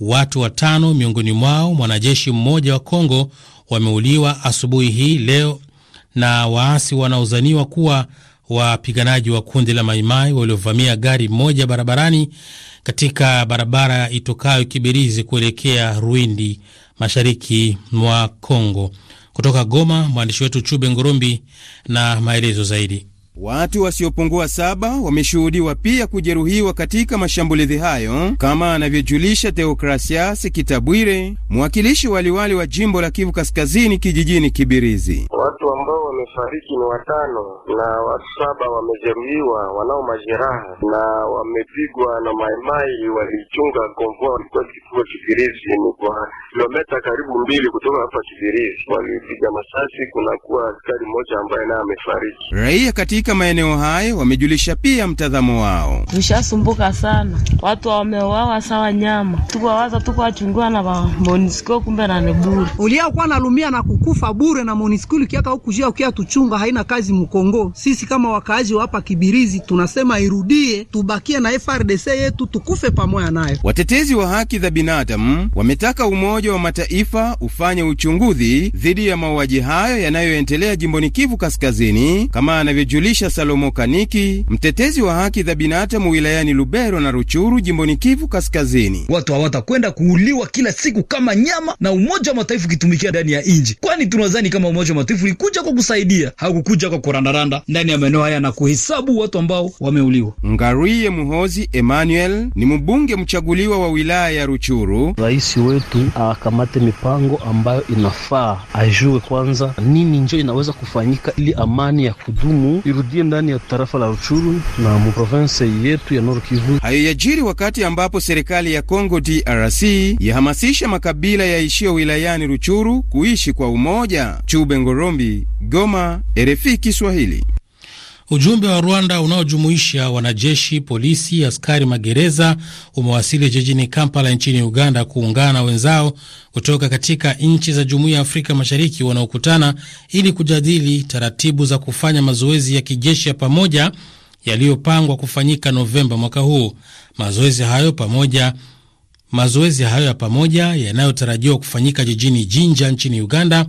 Speaker 1: Watu watano miongoni mwao mwanajeshi mmoja wa Kongo wameuliwa asubuhi hii leo na waasi wanaozaniwa kuwa wapiganaji wa kundi la Maimai waliovamia gari moja barabarani katika barabara itokayo Kibirizi kuelekea Ruindi, mashariki mwa congo Kutoka Goma, mwandishi wetu Chube Ngorombi na maelezo zaidi. Watu
Speaker 3: wasiopungua saba wameshuhudiwa pia kujeruhiwa katika mashambulizi hayo, kama anavyojulisha Theokrasias Kitabwire, mwakilishi waliwali wa jimbo la Kivu Kaskazini kijijini Kibirizi.
Speaker 4: Watu ambao wamefariki ni watano na watu saba
Speaker 5: wamejeruhiwa, wanao majeraha na wamepigwa na maimai walichunga konvoi walikuwa kituo Kibirizi, ni kwa kilometa karibu mbili kutoka hapa Kibirizi. Walipiga masasi, kunakuwa askari mmoja ambaye naye amefariki.
Speaker 3: Raia katika maeneo hayo wamejulisha pia mtazamo wao.
Speaker 8: Tushasumbuka sana, watu wameuawa sawa
Speaker 6: nyama, tukawaza tukuwachungiwa na MONUSCO kumbe na nebure uliakuwa nalumia na kukufa bure na MONUSCO ukiaka ukujia ukia kusikia tuchunga haina kazi Mkongo. Sisi kama wakaaji wa hapa Kibirizi tunasema irudie, tubakie na FRDC yetu, tukufe pamoja nayo.
Speaker 3: Watetezi wa haki za binadamu wametaka Umoja wa Mataifa ufanye uchunguzi dhidi ya mauaji hayo yanayoendelea jimboni Kivu Kaskazini, kama anavyojulisha Salomo Kaniki, mtetezi wa haki za binadamu wilayani Lubero na Ruchuru jimboni Kivu Kaskazini. Watu hawatakwenda kuuliwa kila siku kama nyama, na Umoja wa Mataifa ukitumikia ndani ya inji, kwani tunadhani kama Umoja wa Mataifa ulikuja kwa kusaidia hakukuja kwa kurandaranda ndani ya maeneo haya na kuhesabu watu ambao wameuliwa. Ngarie Muhozi Emmanuel ni mbunge mchaguliwa wa wilaya ya Ruchuru. Rais wetu akamate mipango ambayo inafaa,
Speaker 1: ajue kwanza nini njo inaweza kufanyika ili amani ya kudumu irudie ndani ya tarafa la Ruchuru na muprovense yetu ya Nord Kivu.
Speaker 3: Hayo yajiri wakati ambapo serikali ya congo DRC yahamasisha makabila yaishio wilayani Ruchuru kuishi kwa
Speaker 1: umoja. Chube Ngorombi, Go Goma, RFI Kiswahili. Ujumbe wa Rwanda unaojumuisha wanajeshi, polisi, askari magereza umewasili jijini Kampala nchini Uganda kuungana na wenzao kutoka katika nchi za Jumuiya ya Afrika Mashariki wanaokutana ili kujadili taratibu za kufanya mazoezi ya kijeshi ya pamoja yaliyopangwa kufanyika Novemba mwaka huu. Mazoezi hayo pamoja mazoezi hayo ya pamoja yanayotarajiwa kufanyika jijini Jinja nchini Uganda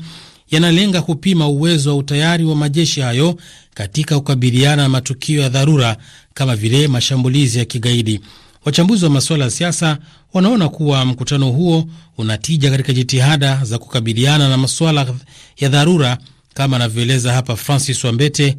Speaker 1: yanalenga kupima uwezo wa utayari wa majeshi hayo katika kukabiliana na matukio ya dharura kama vile mashambulizi ya kigaidi. Wachambuzi wa masuala ya siasa wanaona kuwa mkutano huo unatija katika jitihada za kukabiliana na masuala ya dharura kama anavyoeleza hapa Francis Wambete,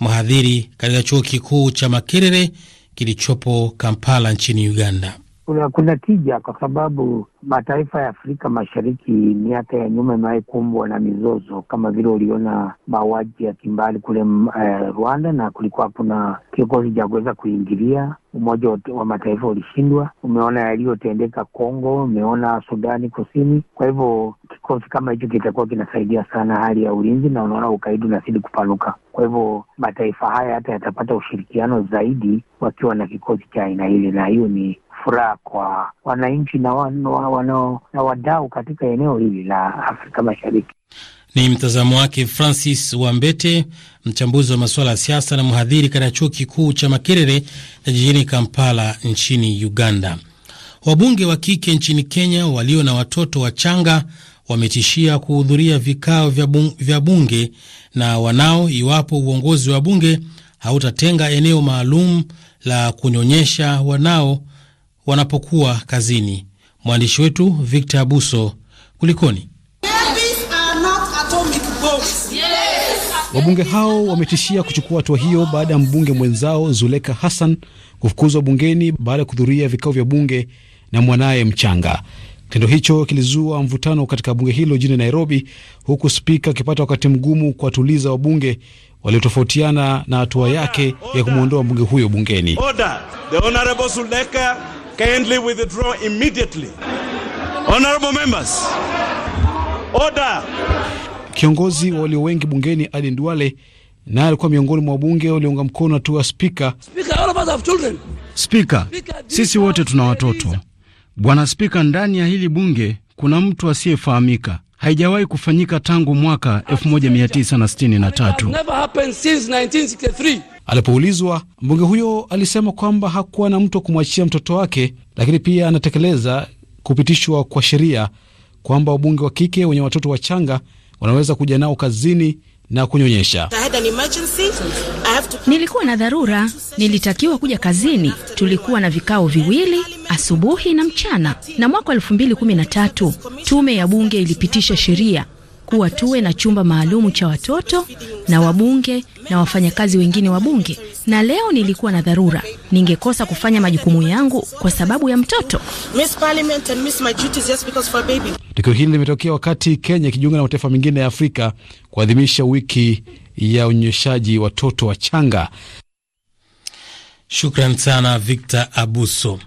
Speaker 1: mhadhiri katika chuo kikuu cha Makerere kilichopo Kampala nchini Uganda
Speaker 10: kuna, kuna tija kwa sababu mataifa ya Afrika Mashariki miaka ya nyuma imewahi kumbwa na mizozo kama vile uliona mauaji ya kimbali kule mm, eh, Rwanda, na kulikuwa kuna kikosi cha kuweza kuingilia. Umoja wa Mataifa ulishindwa. Umeona yaliyotendeka Kongo, umeona Sudani Kusini. Kwa hivyo kikosi kama hicho kitakuwa kinasaidia sana hali ya ulinzi, na unaona ukaidi unazidi kupanuka. Kwa hivyo mataifa haya hata yatapata ushirikiano zaidi wakiwa na kikosi cha aina hili, na hiyo ni furaha kwa wananchi na wanao na wadau katika eneo hili la Afrika Mashariki.
Speaker 1: Ni mtazamo wake Francis Wambete, mchambuzi wa masuala ya siasa na mhadhiri katika chuo kikuu cha Makerere na jijini Kampala nchini Uganda. Wabunge wa kike nchini Kenya walio na watoto wachanga wametishia kuhudhuria vikao vya bunge na wanao iwapo uongozi wa bunge hautatenga eneo maalum la kunyonyesha wanao wanapokuwa kazini. Mwandishi wetu Victor Abuso, kulikoni? Wabunge hao wametishia kuchukua hatua hiyo baada ya
Speaker 11: mbunge mwenzao Zuleka Hassan kufukuzwa bungeni baada ya kuhudhuria vikao vya bunge na mwanaye mchanga. Kitendo hicho kilizua mvutano katika bunge hilo jijini Nairobi, huku spika akipata wakati mgumu kuwatuliza wabunge waliotofautiana na hatua yake ya kumwondoa mbunge huyo bungeni.
Speaker 9: Order. The kindly withdraw immediately. Honorable members, order.
Speaker 11: Kiongozi wa walio wengi bungeni Aden Duale naye alikuwa miongoni mwa wabunge waliounga mkono
Speaker 12: hatua ya spika. Spika, sisi wote tuna watoto. Bwana Spika, ndani ya hili bunge kuna mtu asiyefahamika. Haijawahi kufanyika tangu mwaka
Speaker 1: 1963.
Speaker 11: Alipoulizwa, mbunge huyo alisema kwamba hakuwa na mtu wa kumwachia mtoto wake, lakini pia anatekeleza kupitishwa kwa sheria kwamba wabunge wa kike wenye watoto wachanga wanaweza kuja nao kazini na kunyonyesha.
Speaker 8: Nilikuwa na
Speaker 2: dharura, nilitakiwa kuja kazini. Tulikuwa na vikao viwili, asubuhi na mchana. Na mwaka 2013 tume ya bunge ilipitisha sheria kuwa tuwe na chumba maalum cha watoto na wabunge na wafanyakazi wengine wa bunge, na leo nilikuwa na dharura, ningekosa kufanya majukumu yangu kwa sababu ya mtoto.
Speaker 11: Tukio hili limetokea wakati Kenya ikijiunga na mataifa mengine
Speaker 1: ya Afrika kuadhimisha wiki ya unyonyeshaji watoto wachanga. Shukran sana Victor Abuso.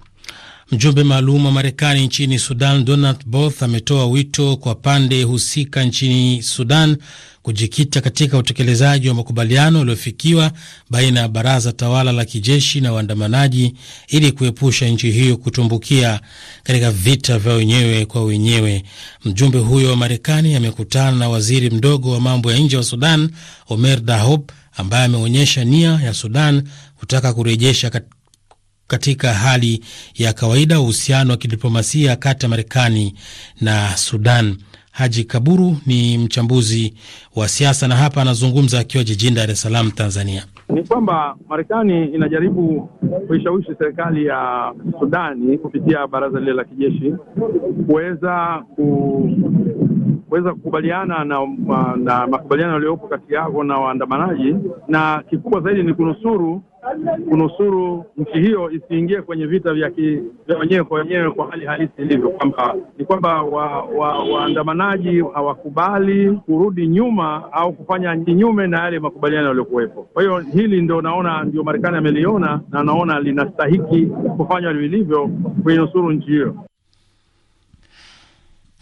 Speaker 1: Mjumbe maalum wa Marekani nchini Sudan Donald Both ametoa wito kwa pande husika nchini Sudan kujikita katika utekelezaji wa makubaliano yaliyofikiwa baina ya baraza tawala la kijeshi na waandamanaji ili kuepusha nchi hiyo kutumbukia katika vita vya wenyewe kwa wenyewe. Mjumbe huyo wa Marekani amekutana na waziri mdogo wa mambo ya nje wa Sudan Omer Dahop ambaye ameonyesha nia ya Sudan kutaka kurejesha katika hali ya kawaida uhusiano wa kidiplomasia kati ya Marekani na Sudan. Haji Kaburu ni mchambuzi wa siasa na hapa anazungumza akiwa jijini Dar es Salaam, Tanzania.
Speaker 7: Ni kwamba Marekani inajaribu kuishawishi serikali ya Sudani kupitia baraza lile la kijeshi kuweza ku kuweza kukubaliana na, na, na makubaliano yaliyopo kati yako na waandamanaji, na kikubwa zaidi ni kunusuru kunusuru nchi hiyo isiingie kwenye vita vya wenyewe kwa wenyewe kwa hali halisi ilivyo, kwamba ni kwamba waandamanaji wa, wa hawakubali kurudi nyuma au kufanya kinyume na yale makubaliano yaliyokuwepo. Kwa hiyo hili ndio naona ndio Marekani ameliona na naona linastahiki kufanywa vilivyo kuinusuru nchi hiyo.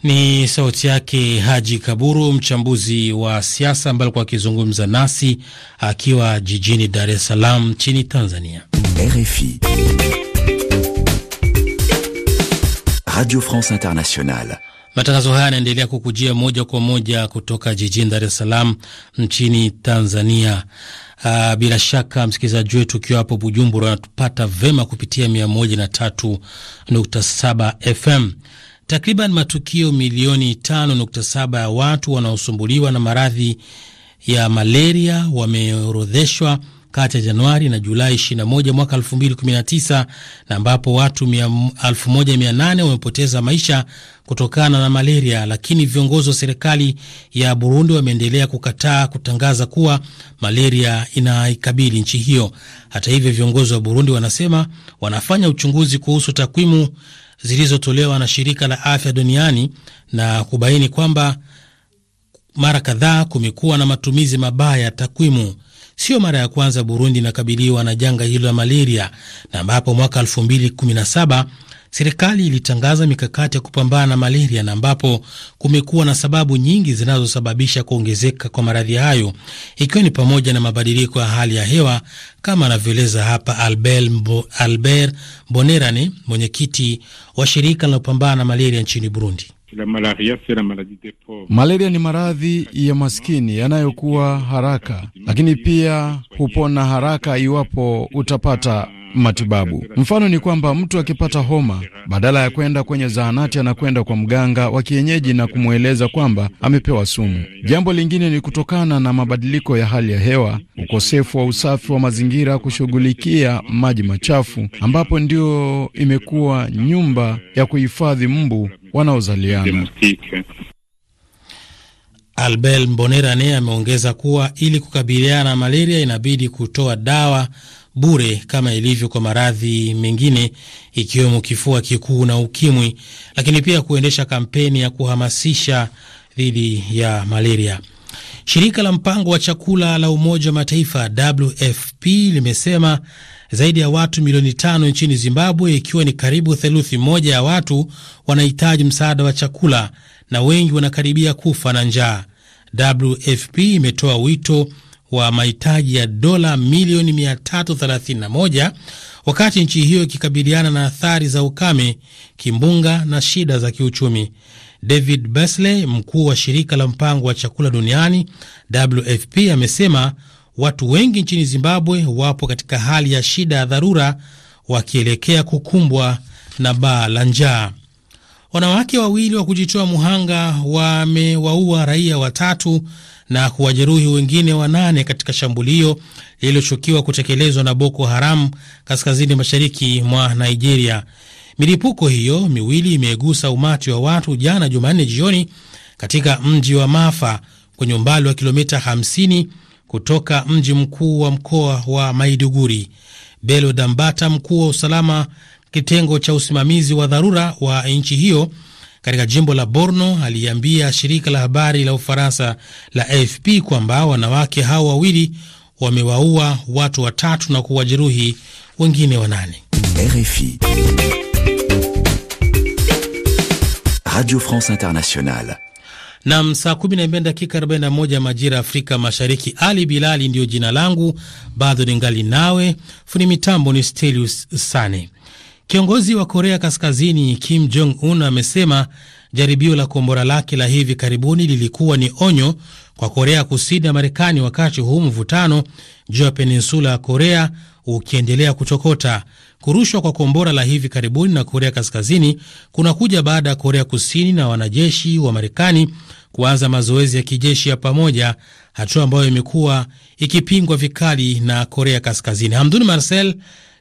Speaker 1: Ni sauti yake Haji Kaburu, mchambuzi wa siasa ambaye alikuwa akizungumza nasi akiwa jijini Dar es Salaam nchini Tanzania. RFI
Speaker 5: Radio France Internationale.
Speaker 1: Matangazo haya yanaendelea kukujia moja kwa moja kutoka jijini Dar es Salaam nchini Tanzania. Uh, bila shaka msikilizaji wetu ukiwa hapo Bujumbura anatupata vema kupitia 103.7 FM takriban matukio milioni 5.7 ya watu wanaosumbuliwa na maradhi ya malaria wameorodheshwa kati ya Januari na Julai 21 mwaka 2019 na ambapo watu 1800 wamepoteza maisha kutokana na malaria, lakini viongozi wa serikali ya Burundi wameendelea kukataa kutangaza kuwa malaria inaikabili nchi hiyo. Hata hivyo, viongozi wa Burundi wanasema wanafanya uchunguzi kuhusu takwimu zilizotolewa na shirika la afya duniani na kubaini kwamba mara kadhaa kumekuwa na matumizi mabaya ya takwimu. Sio mara ya kwanza Burundi inakabiliwa na janga hilo la malaria, na ambapo mwaka 2017 serikali ilitangaza mikakati ya kupambana na malaria na ambapo kumekuwa na sababu nyingi zinazosababisha kuongezeka kwa maradhi hayo ikiwa ni pamoja na mabadiliko ya hali ya hewa kama anavyoeleza hapa Albert, Mbo, Albert mwenyekiti wa shirika
Speaker 12: linalopambana na malaria nchini Burundi. Malaria ni maradhi ya maskini yanayokuwa haraka, lakini pia hupona haraka iwapo utapata matibabu. Mfano ni kwamba mtu akipata homa, badala ya kwenda kwenye zahanati, anakwenda kwa mganga wa kienyeji na kumweleza kwamba amepewa sumu. Jambo lingine ni kutokana na mabadiliko ya hali ya hewa, ukosefu wa usafi wa mazingira, kushughulikia maji machafu, ambapo ndio imekuwa nyumba ya kuhifadhi mbu wanaozaliana. Albert
Speaker 1: Mbonerane ameongeza kuwa ili kukabiliana na malaria inabidi kutoa dawa bure kama ilivyo kwa maradhi mengine ikiwemo kifua kikuu na ukimwi, lakini pia kuendesha kampeni ya kuhamasisha dhidi ya malaria. Shirika la mpango wa chakula la Umoja wa Mataifa WFP limesema zaidi ya watu milioni tano nchini Zimbabwe, ikiwa ni karibu theluthi moja ya watu wanahitaji msaada wa chakula na wengi wanakaribia kufa na njaa. WFP imetoa wito wa mahitaji ya dola milioni 331 wakati nchi hiyo ikikabiliana na athari za ukame, kimbunga na shida za kiuchumi. David Beasley, mkuu wa shirika la mpango wa chakula duniani WFP, amesema watu wengi nchini Zimbabwe wapo katika hali ya shida ya dharura, wakielekea kukumbwa na baa la njaa. Wanawake wawili wa kujitoa muhanga wamewaua raia watatu na kuwajeruhi wengine wanane katika shambulio lililoshukiwa kutekelezwa na Boko Haram kaskazini mashariki mwa Nigeria. Milipuko hiyo miwili imegusa umati wa watu jana Jumanne jioni katika mji wa Mafa kwenye umbali wa kilomita 50 kutoka mji mkuu wa mkoa wa Maiduguri. Bello Dambata, mkuu wa usalama kitengo cha usimamizi wa dharura wa nchi hiyo, katika jimbo la Borno aliambia shirika la habari la Ufaransa la AFP kwamba wanawake hao wawili wamewaua watu watatu na kuwajeruhi wengine wanane. RFI
Speaker 5: Radio France Internationale.
Speaker 1: Nam, saa 12 dakika 41 majira Afrika Mashariki. Ali Bilali ndiyo jina langu, bado ningali nawe. Fundi mitambo ni Stelius Sane. Kiongozi wa Korea Kaskazini Kim Jong Un amesema jaribio la kombora lake la hivi karibuni lilikuwa ni onyo kwa Korea Kusini na Marekani, wakati huu mvutano juu ya peninsula ya Korea ukiendelea kuchokota. Kurushwa kwa kombora la hivi karibuni na Korea Kaskazini kunakuja baada ya Korea Kusini na wanajeshi wa Marekani kuanza mazoezi ya kijeshi ya pamoja, hatua ambayo imekuwa ikipingwa vikali na Korea Kaskazini. Hamdun Marcel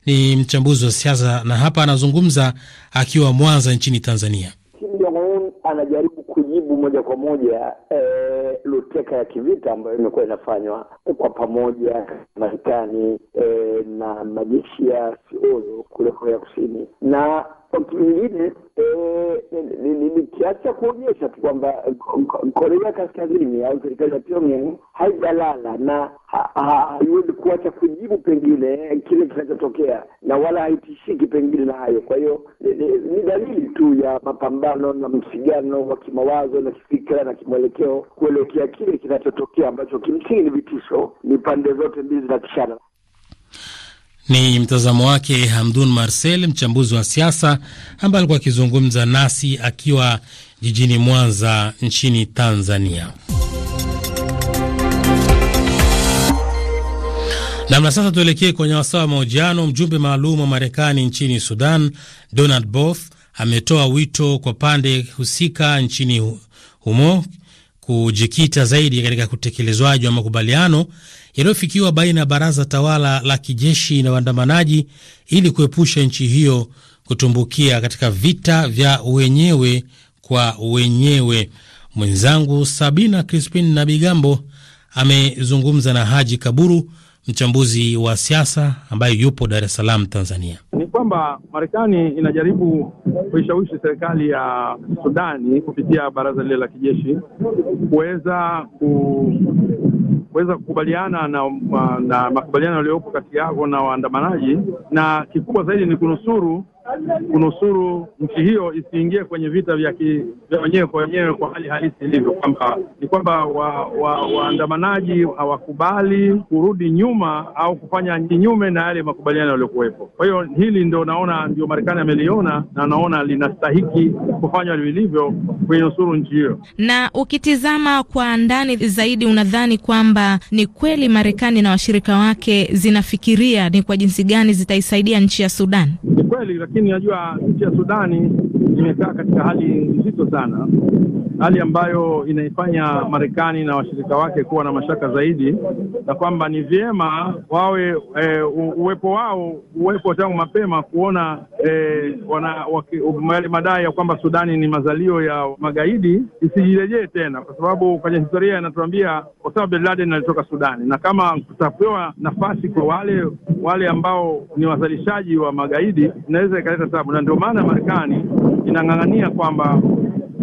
Speaker 1: ni mchambuzi wa siasa na hapa anazungumza akiwa Mwanza nchini Tanzania.
Speaker 4: Kim Jong Un anajaribu kujibu moja kwa moja e, luteka ya kivita ambayo imekuwa inafanywa kwa pamoja Marekani e, na majeshi ya Seoul kule Korea Kusini na kwa kingine eh, ni kiasi cha kuonyesha tu kwamba Korea Kaskazini au serikali ya Pyongyang haijalala na haiwezi kuacha kujibu pengine kile kinachotokea, na wala haitishiki pengine na hayo. Kwa hiyo ni dalili tu ya mapambano na msigano wa kimawazo na kifikira na kimwelekeo kuelekea kile kinachotokea ambacho kimsingi ni vitisho, ni pande zote mbili zinatishana.
Speaker 1: Ni mtazamo wake Hamdun Marcel, mchambuzi wa siasa ambaye alikuwa akizungumza nasi akiwa jijini Mwanza nchini Tanzania. Namna sasa, tuelekee kwenye wasaa wa mahojiano. Mjumbe maalum wa Marekani nchini Sudan, Donald Both, ametoa wito kwa pande husika nchini humo kujikita zaidi katika utekelezwaji wa makubaliano yaliyofikiwa baina ya baraza tawala la kijeshi na waandamanaji ili kuepusha nchi hiyo kutumbukia katika vita vya wenyewe kwa wenyewe. Mwenzangu Sabina Crispin na Bigambo amezungumza na Haji Kaburu, mchambuzi wa siasa ambaye yupo Dar es Salaam, Tanzania.
Speaker 7: Ni kwamba Marekani inajaribu kuishawishi serikali ya Sudani kupitia baraza lile la kijeshi kuweza ku kuweza kukubaliana na, na makubaliano yaliyopo kati yako na waandamanaji, na kikubwa zaidi ni kunusuru kunusuru nchi hiyo isiingie kwenye vita vya wenyewe kwa wenyewe kwa hali halisi ilivyo, kwamba ni kwamba waandamanaji wa, wa hawakubali kurudi nyuma au kufanya kinyume na yale makubaliano yaliyokuwepo. Kwa hiyo hili ndio naona ndio Marekani ameliona na naona linastahiki kufanywa vilivyo kuinusuru nchi hiyo.
Speaker 8: Na ukitizama kwa ndani zaidi, unadhani kwamba ni kweli Marekani na washirika wake zinafikiria ni kwa jinsi gani zitaisaidia nchi ya Sudan?
Speaker 7: Ni kweli lakini najua nchi ya Sudani imekaa katika hali nzito sana hali ambayo inaifanya Marekani na washirika wake kuwa na mashaka zaidi, na kwamba ni vyema wawe e, uwepo wao uwepo tangu mapema kuona e, wana yale madai ya kwamba Sudani ni mazalio ya magaidi isijirejee tena, kwa sababu kwenye historia inatuambia sababu bin Laden alitoka Sudani, na kama kutapewa nafasi kwa wale wale ambao ni wazalishaji wa magaidi inaweza ikaleta tabu, na ndio maana Marekani inang'ang'ania kwamba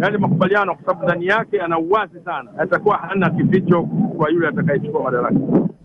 Speaker 7: yale yaani makubaliano, kwa sababu ndani yake ana uwazi sana, atakuwa hana kificho kwa yule atakayechukua madaraka.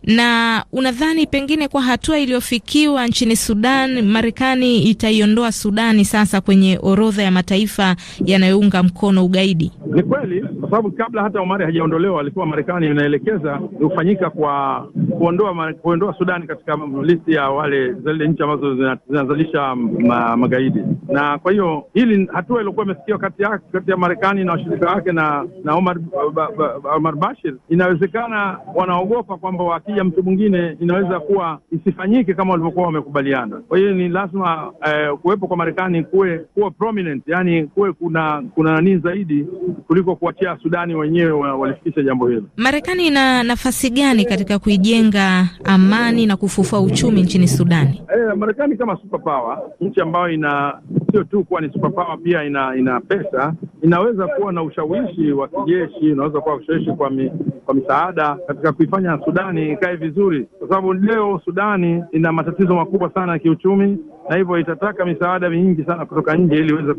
Speaker 8: Na unadhani pengine kwa hatua iliyofikiwa nchini Sudan, Marekani itaiondoa Sudani sasa kwenye orodha ya mataifa yanayounga mkono ugaidi?
Speaker 7: Ni kweli sababu kabla hata Omari hajaondolewa alikuwa Marekani inaelekeza kufanyika kwa kuondoa kuondoa Sudani katika listi ya wale zile nchi ambazo zinazalisha ma, magaidi, na kwa hiyo hili hatua iliokuwa imefikiwa kati ya kati ya Marekani na washirika wake na na Omar, ba, ba, ba, Omar Bashir, inawezekana wanaogopa kwamba wakija mtu mwingine inaweza kuwa isifanyike kama walivyokuwa wamekubaliana. Kwa hiyo ni lazima eh, kuwepo kwa Marekani kuwe kuwa prominent, yani kuwe kuna kuna nani zaidi kuliko kuachia sudani wenyewe walifikisha jambo hilo.
Speaker 8: Marekani ina nafasi gani katika kuijenga amani na kufufua uchumi nchini Sudani?
Speaker 7: E, Marekani kama super power, nchi ambayo ina sio tu kuwa ni super power, pia ina ina pesa, inaweza kuwa na ushawishi wa kijeshi, inaweza kuwa ushawishi kwa, mi, kwa misaada katika kuifanya Sudani ikae vizuri, kwa sababu leo Sudani ina matatizo makubwa sana ya kiuchumi na hivyo itataka misaada mingi sana kutoka nje ili iweze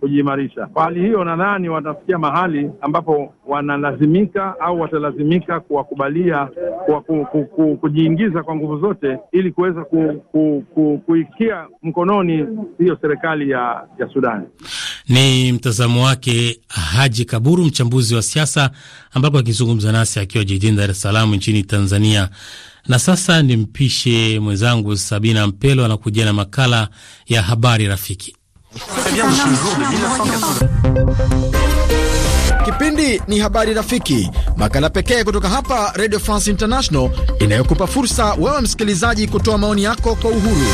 Speaker 7: kujiimarisha. Kwa hali hiyo, nadhani watafikia mahali ambapo wanalazimika au watalazimika kuwakubalia kuwa, ku, ku, ku, kujiingiza kwa nguvu zote ili kuweza ku, ku, ku, kuikia mkononi hiyo serikali ya, ya Sudani.
Speaker 1: Ni mtazamo wake Haji Kaburu, mchambuzi wa siasa, ambapo akizungumza nasi akiwa jijini Dar es Salaam nchini Tanzania. Na sasa ni mpishe mwenzangu Sabina Mpelo anakuja na makala ya habari rafiki.
Speaker 12: Kipindi ni habari rafiki, makala pekee kutoka hapa Radio France International inayokupa fursa wewe msikilizaji kutoa maoni yako kwa uhuru.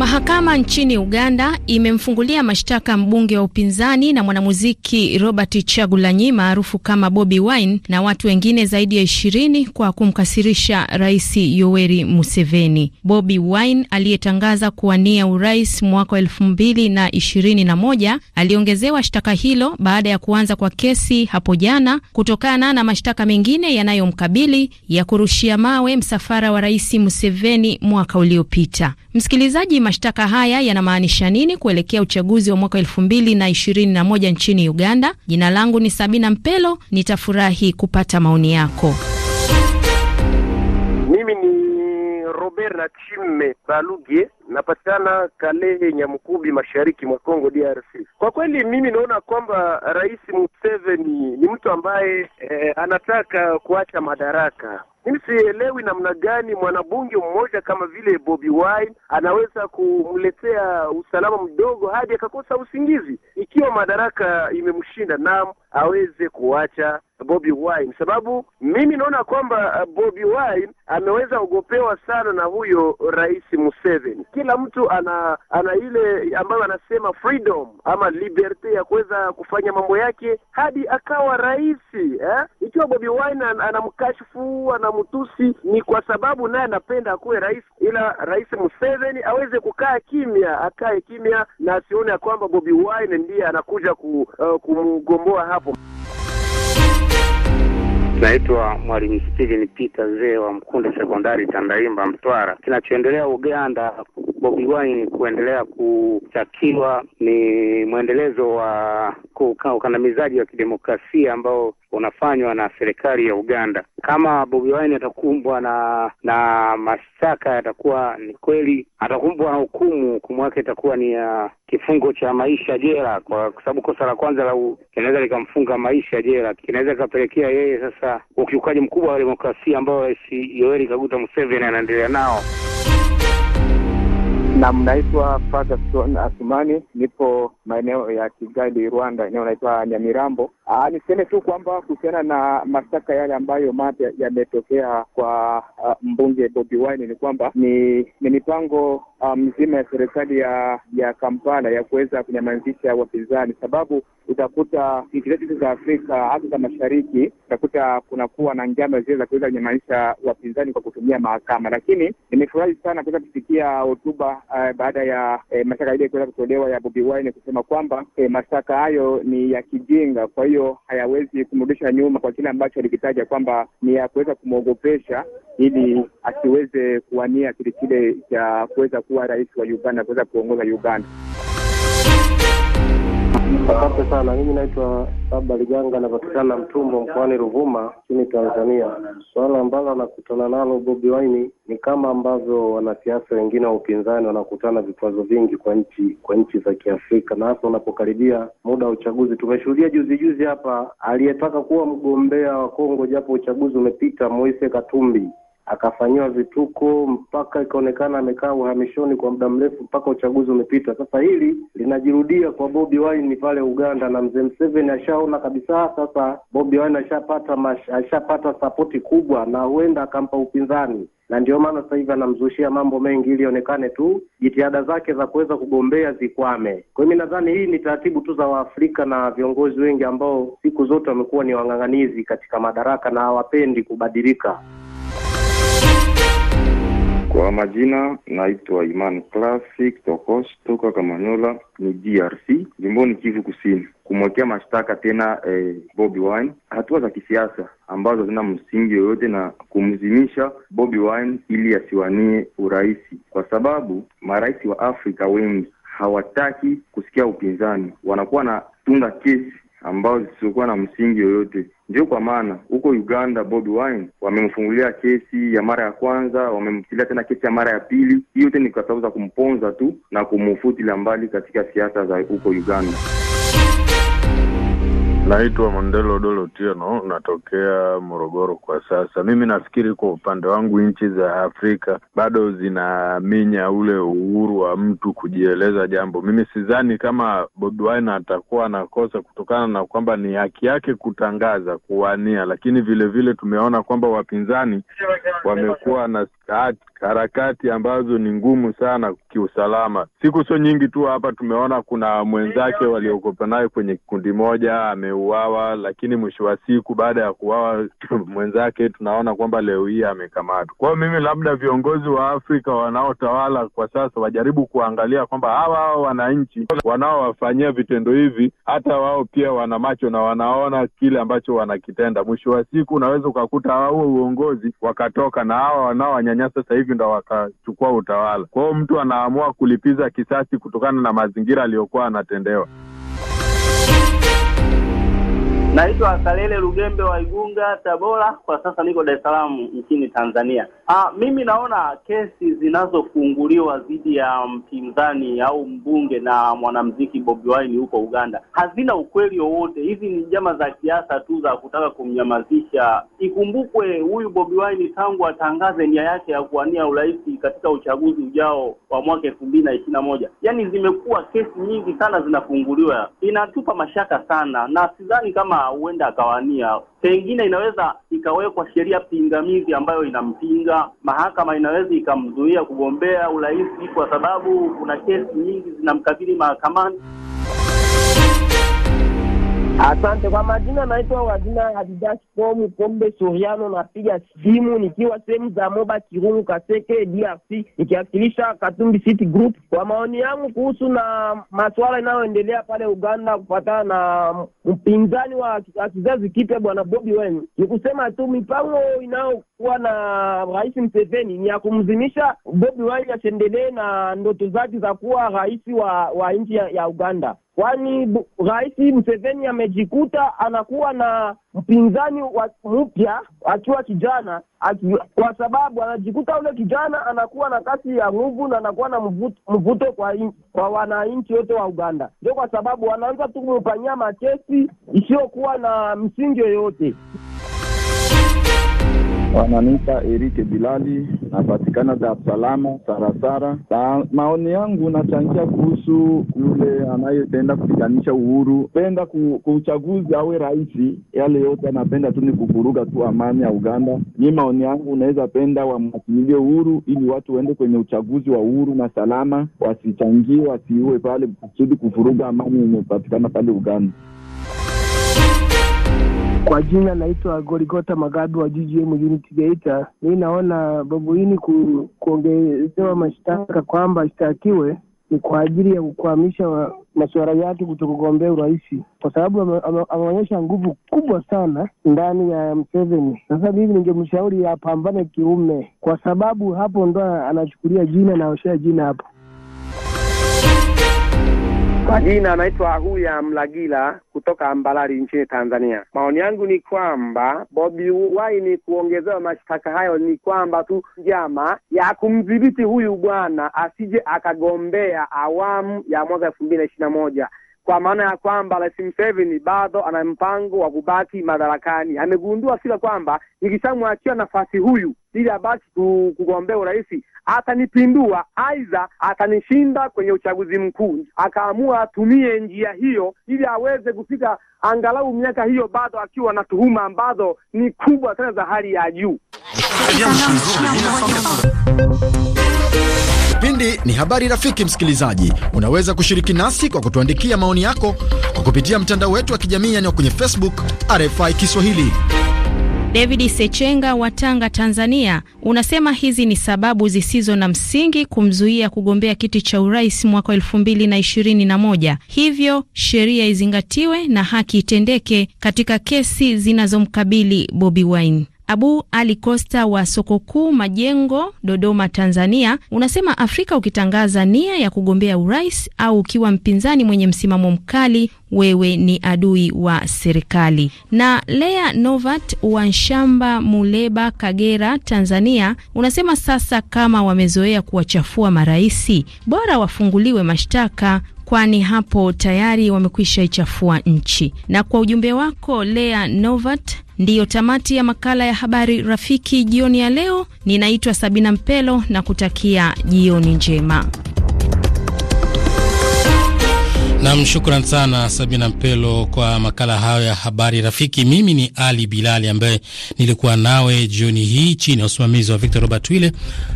Speaker 2: Mahakama nchini Uganda imemfungulia mashtaka mbunge wa upinzani na mwanamuziki Robert Chagulanyi maarufu kama Bobi Wine na watu wengine zaidi ya ishirini kwa kumkasirisha Rais Yoweri Museveni. Bobi Wine aliyetangaza kuwania urais mwaka elfu mbili na ishirini na moja aliongezewa shtaka hilo baada ya kuanza kwa kesi hapo jana kutokana na mashtaka mengine yanayomkabili ya kurushia mawe msafara wa Rais Museveni mwaka uliopita. Msikilizaji mashtaka haya yanamaanisha nini kuelekea uchaguzi wa mwaka elfu mbili na ishirini na moja nchini Uganda. Jina langu ni Sabina Mpelo, nitafurahi kupata maoni yako.
Speaker 4: Mimi ni Robert Nachime Balugie napatikana Kalehe Nyamukubi, mashariki mwa Kongo DRC. Kwa kweli mimi naona kwamba Rais Museveni ni mtu ambaye eh, anataka kuacha madaraka. Mimi sielewi namna gani mwanabunge mmoja kama vile Bobi Wine anaweza kumletea usalama mdogo hadi akakosa usingizi, ikiwa madaraka imemshinda, nam aweze kuacha Bobi Wine, sababu mimi naona kwamba eh, Bobi Wine ameweza ogopewa sana na huyo Rais Museveni kila mtu ana ana ile ambayo anasema freedom ama liberte ya kuweza kufanya mambo yake hadi akawa rais eh? Ikiwa Bobi Wine an, anamkashfu anamtusi, ni kwa sababu naye anapenda akuwe rais, ila Rais Museveni aweze kukaa kimya, akae kimya na asione ya kwamba Bobi Wine ndiye anakuja ku, uh, kumgomboa hapo.
Speaker 10: Naitwa Mwalimu Steven Peter Zee wa Mkunde Sekondari Tandaimba, Mtwara. Kinachoendelea Uganda, Bobi Wine kuendelea kutakiwa ni mwendelezo wa ukandamizaji wa kidemokrasia ambao unafanywa na serikali ya Uganda. Kama Bobi Wine atakumbwa na na mashtaka, yatakuwa ni kweli, atakumbwa na hukumu, hukumu yake itakuwa ni ya uh, kifungo cha maisha jela, kwa sababu kosa la kwanza la inaweza likamfunga maisha jela, kinaweza ikapelekea yeye sasa kufuatia ukiukaji mkubwa wa demokrasia ambao Rais Yoweri Kaguta Museveni anaendelea nao. Nam, naitwa Fatherson Asumani, nipo
Speaker 4: maeneo ya Kigali, Rwanda, eneo naitwa Nyamirambo. Aa, ah, niseme tu kwamba kuhusiana na mashtaka yale ambayo mapya yametokea kwa uh, mbunge Bobi Wine ni kwamba ni, ni mipango ah, mzima um, ya serikali ya ya Kampala ya kuweza kunyamazisha wapinzani, sababu utakuta nchi zetu za Afrika hasa za Mashariki, utakuta kunakuwa na njama zile za kuweza kunyamazisha wapinzani kwa kutumia mahakama. Lakini nimefurahi sana kuweza kusikia hotuba uh, baada ya eh, mashtaka ile kuweza kutolewa ya Bobi Wine kusema kwamba eh, mashtaka hayo ni ya kijinga, kwa hiyo hiyo hayawezi kumrudisha nyuma kwa kile ambacho alikitaja kwamba ni ya kuweza kumwogopesha ili asiweze kuwania kile
Speaker 10: kile cha kuweza kuwa rais wa Uganda, kuweza kuongoza Uganda. Asante sana. Mimi naitwa Baba Liganga, napatikana Mtumbo mkoani Ruvuma nchini Tanzania. Suala ambalo anakutana nalo Bobi Wine ni kama ambavyo wanasiasa wengine wa upinzani wanakutana vikwazo vingi kwa nchi kwa nchi za Kiafrika, na hasa unapokaribia muda wa uchaguzi. Tumeshuhudia juzi juzi hapa aliyetaka kuwa mgombea wa Kongo japo uchaguzi umepita, Moise Katumbi akafanyiwa vituko mpaka ikaonekana amekaa uhamishoni kwa muda mrefu mpaka uchaguzi umepita. Sasa hili linajirudia kwa Bobi Wine pale Uganda, na mzee mseveni ashaona kabisa sasa Bobi Wine ashapata ashapata sapoti kubwa, na huenda akampa upinzani na ndio maana sasa hivi anamzushia mambo mengi ili ionekane tu jitihada zake za kuweza kugombea zikwame. Kwa hiyo mi nadhani hii ni taratibu tu za Waafrika na viongozi wengi ambao siku zote wamekuwa ni wang'ang'anizi katika madaraka na hawapendi kubadilika. Kwa majina naitwa Iman Classic Tokos toka Kamanyola ni DRC
Speaker 13: jimboni Kivu Kusini, kumwekea mashtaka tena eh, Bobi Wine hatua za kisiasa ambazo hazina msingi yoyote na kumzimisha Bobi Wine ili asiwanie urais, kwa sababu marais wa Afrika wengi hawataki kusikia upinzani, wanakuwa tunga kesi ambazo zisizokuwa na msingi yoyote. Ndio kwa maana huko Uganda Bobi Wine wamemfungulia kesi ya mara ya kwanza, wamemtilia tena kesi ya mara ya pili. Hiyo yote ni kwa sababu za kumponza tu na kumufutilia mbali katika siasa za huko Uganda. Naitwa Mondelo Dolo Tieno, natokea Morogoro kwa sasa. Mimi nafikiri kwa upande wangu, nchi za Afrika bado zinaminya ule uhuru wa mtu kujieleza jambo. Mimi sidhani kama Bobi Wine atakuwa anakosa kutokana na kwamba ni haki yake kutangaza, kuwania, lakini vilevile vile tumeona kwamba wapinzani
Speaker 14: wamekuwa
Speaker 13: na harakati ambazo ni ngumu sana kiusalama. Siku sio nyingi tu hapa tumeona kuna mwenzake waliokopa naye kwenye kikundi moja ameuawa, lakini mwisho wa siku baada ya kuawa mwenzake tunaona kwamba leo hii amekamatwa. Kwa hiyo mimi, labda viongozi wa Afrika wanaotawala kwa sasa wajaribu kuangalia kwamba hawa hao wananchi wanaowafanyia vitendo hivi, hata wao pia wana macho na wanaona kile ambacho wanakitenda. Mwisho wa siku unaweza ukakuta huo uongozi wakatoka na hawa wanaowanyanya Kenya sasa hivi ndo wakachukua utawala. Kwa hiyo mtu anaamua kulipiza kisasi kutokana na mazingira aliyokuwa anatendewa. Naitwa Kalele Lugembe wa Igunga,
Speaker 4: Tabora. Kwa sasa niko Dar es Salaam nchini Tanzania. Ah, mimi naona kesi
Speaker 5: zinazofunguliwa dhidi ya mpinzani au mbunge na mwanamziki Bobi Wine huko Uganda hazina ukweli wowote. Hizi ni njama za siasa tu za kutaka kumnyamazisha. Ikumbukwe huyu Bobi Wine tangu atangaze nia yake ya kuwania urais katika uchaguzi ujao wa mwaka elfu mbili na ishirini na moja, yaani zimekuwa kesi nyingi sana zinafunguliwa, inatupa mashaka sana na sidhani kama huenda akawania. Pengine inaweza ikawekwa sheria pingamizi ambayo inampinga, mahakama inaweza ikamzuia kugombea urais kwa sababu kuna kesi nyingi zinamkabili mahakamani.
Speaker 4: Asante kwa majina, naitwa wazina Adidas Pomu kombe Soriano, napiga simu nikiwa sehemu za Moba Kirungu Kaseke, DRC, nikiwakilisha Katumbi City Group. Kwa maoni yangu kuhusu na masuala inayoendelea pale Uganda kufuatana na mpinzani wa kizazi kipya bwana Bobi Wine, ni kusema tu mipango inayokuwa na Rais Mseveni ni ya kumzimisha Bobi Wine asiendelee na ndoto zake za kuwa rais wa, wa nchi ya, ya Uganda kwani Rais Museveni amejikuta anakuwa na mpinzani mpya akiwa kijana aki, kwa sababu anajikuta ule kijana anakuwa na kasi ya nguvu na anakuwa na mvuto, kwa, kwa wananchi wote wa Uganda. Ndio kwa sababu wanaanza tu kumfanyia machesi isiyokuwa na msingi yoyote
Speaker 7: wananita Erike Bilali, napatikana Dar es Salaam Sarasara. Ta, maoni yangu nachangia kuhusu yule anayependa kupiganisha uhuru, penda kuchaguzi awe rais, yale yote anapenda tu ni kuvuruga tu amani ya Uganda. ni maoni yangu, unaweza penda wamwatimilie uhuru ili watu waende kwenye uchaguzi wa uhuru na salama, wasichangie wasiue pale kusudi kuvuruga amani yenye kupatikana pale Uganda. Kwa jina naitwa
Speaker 4: Gorigota Magabi wa GGM Unity Geita. Mi naona Babuini ku, kuongezewa mashtaka kwamba ashtakiwe ni kwa ajili ya kukwamisha masuala yake kutokugombea urais, kwa sababu ameonyesha nguvu kubwa sana ndani ya Mseveni. Sasa mimi ningemshauri apambane kiume, kwa sababu hapo ndo anachukulia jina na oshea jina hapo. Kwa jina anaitwa Huya Mlagila kutoka Mbalali nchini Tanzania. Maoni yangu ni kwamba Bobi Wine kuongezewa mashtaka hayo ni kwamba tu njama ya kumdhibiti huyu bwana asije akagombea awamu ya mwaka elfu mbili na ishirini na moja kwa maana ya kwamba Rais Museveni bado ana mpango wa kubaki madarakani. Amegundua sila kwamba nikishamwachia nafasi huyu ili abaki kugombea urais, atanipindua aidha atanishinda kwenye uchaguzi mkuu. Akaamua atumie njia hiyo ili aweze kufika angalau miaka hiyo, bado akiwa na tuhuma ambazo ni kubwa sana za hali ya juu.
Speaker 12: Kipindi ni habari rafiki. Msikilizaji, unaweza kushiriki nasi kwa kutuandikia maoni yako kwa kupitia mtandao wetu wa kijamii, yaani kwenye Facebook RFI Kiswahili.
Speaker 2: David Sechenga wa Tanga, Tanzania, unasema hizi ni sababu zisizo na msingi kumzuia kugombea kiti cha urais mwaka elfu mbili na ishirini na moja. Hivyo sheria izingatiwe na haki itendeke katika kesi zinazomkabili Bobi Wine. Abu Ali Costa wa soko kuu Majengo, Dodoma, Tanzania, unasema Afrika ukitangaza nia ya kugombea urais au ukiwa mpinzani mwenye msimamo mkali, wewe ni adui wa serikali. Na Lea Novat wa nshamba Muleba, Kagera, Tanzania, unasema sasa kama wamezoea kuwachafua maraisi, bora wafunguliwe mashtaka kwani hapo tayari wamekwisha ichafua nchi. Na kwa ujumbe wako Lea Novat, ndiyo tamati ya makala ya habari rafiki jioni ya leo. Ninaitwa Sabina Mpelo na kutakia jioni njema.
Speaker 1: Nam, shukran sana Sabina Mpelo kwa makala hayo ya habari rafiki. Mimi ni Ali Bilali ambaye nilikuwa nawe jioni hii chini ya usimamizi wa Victor Robert Wile.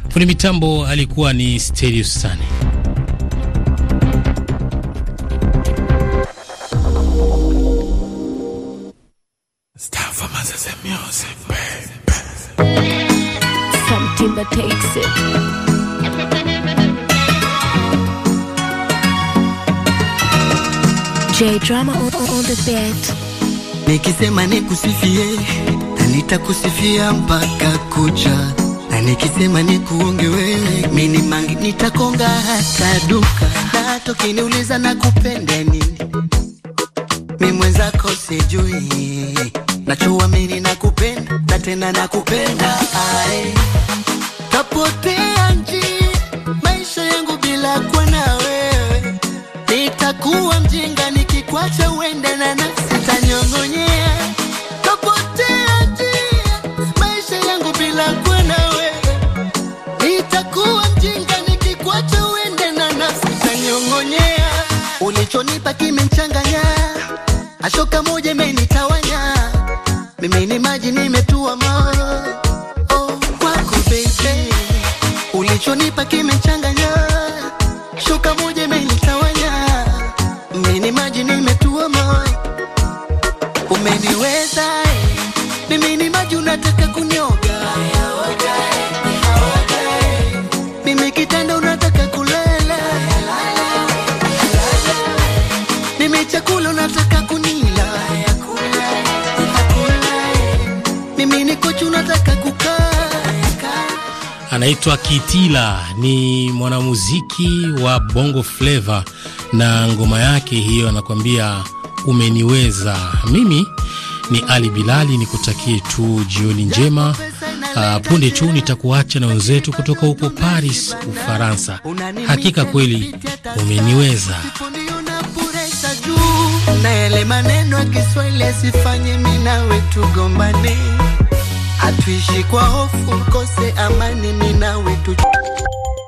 Speaker 1: Fundi mitambo alikuwa ni Stelius Sane.
Speaker 2: Timber takes it. J drama on, on, on the bed.
Speaker 14: Nikisema nikusifie na nitakusifia mpaka kucha, na nikisema nikuonge wewe mini mangi nitakonga hata duka, na tokiniuliza na kupende nini, mi mwenzako sijui, mini nakupenda na tena nakupenda ae tapotea njia maisha yangu bila kuwa na wewe, nitakuwa mjinga nikikwacha uende na
Speaker 1: anaitwa Kitila, ni mwanamuziki wa Bongo Flava na ngoma yake hiyo anakuambia umeniweza. Mimi ni Ali Bilali, nikutakie tu jioni njema. Uh, punde tu nitakuacha na wenzetu kutoka huko Paris, Ufaransa. Hakika kweli umeniweza.
Speaker 14: Naele maneno ya Kiswahili asifanye mimi nawe tugombane Atuishi kwa hofu, kose amani, mimi nawe tu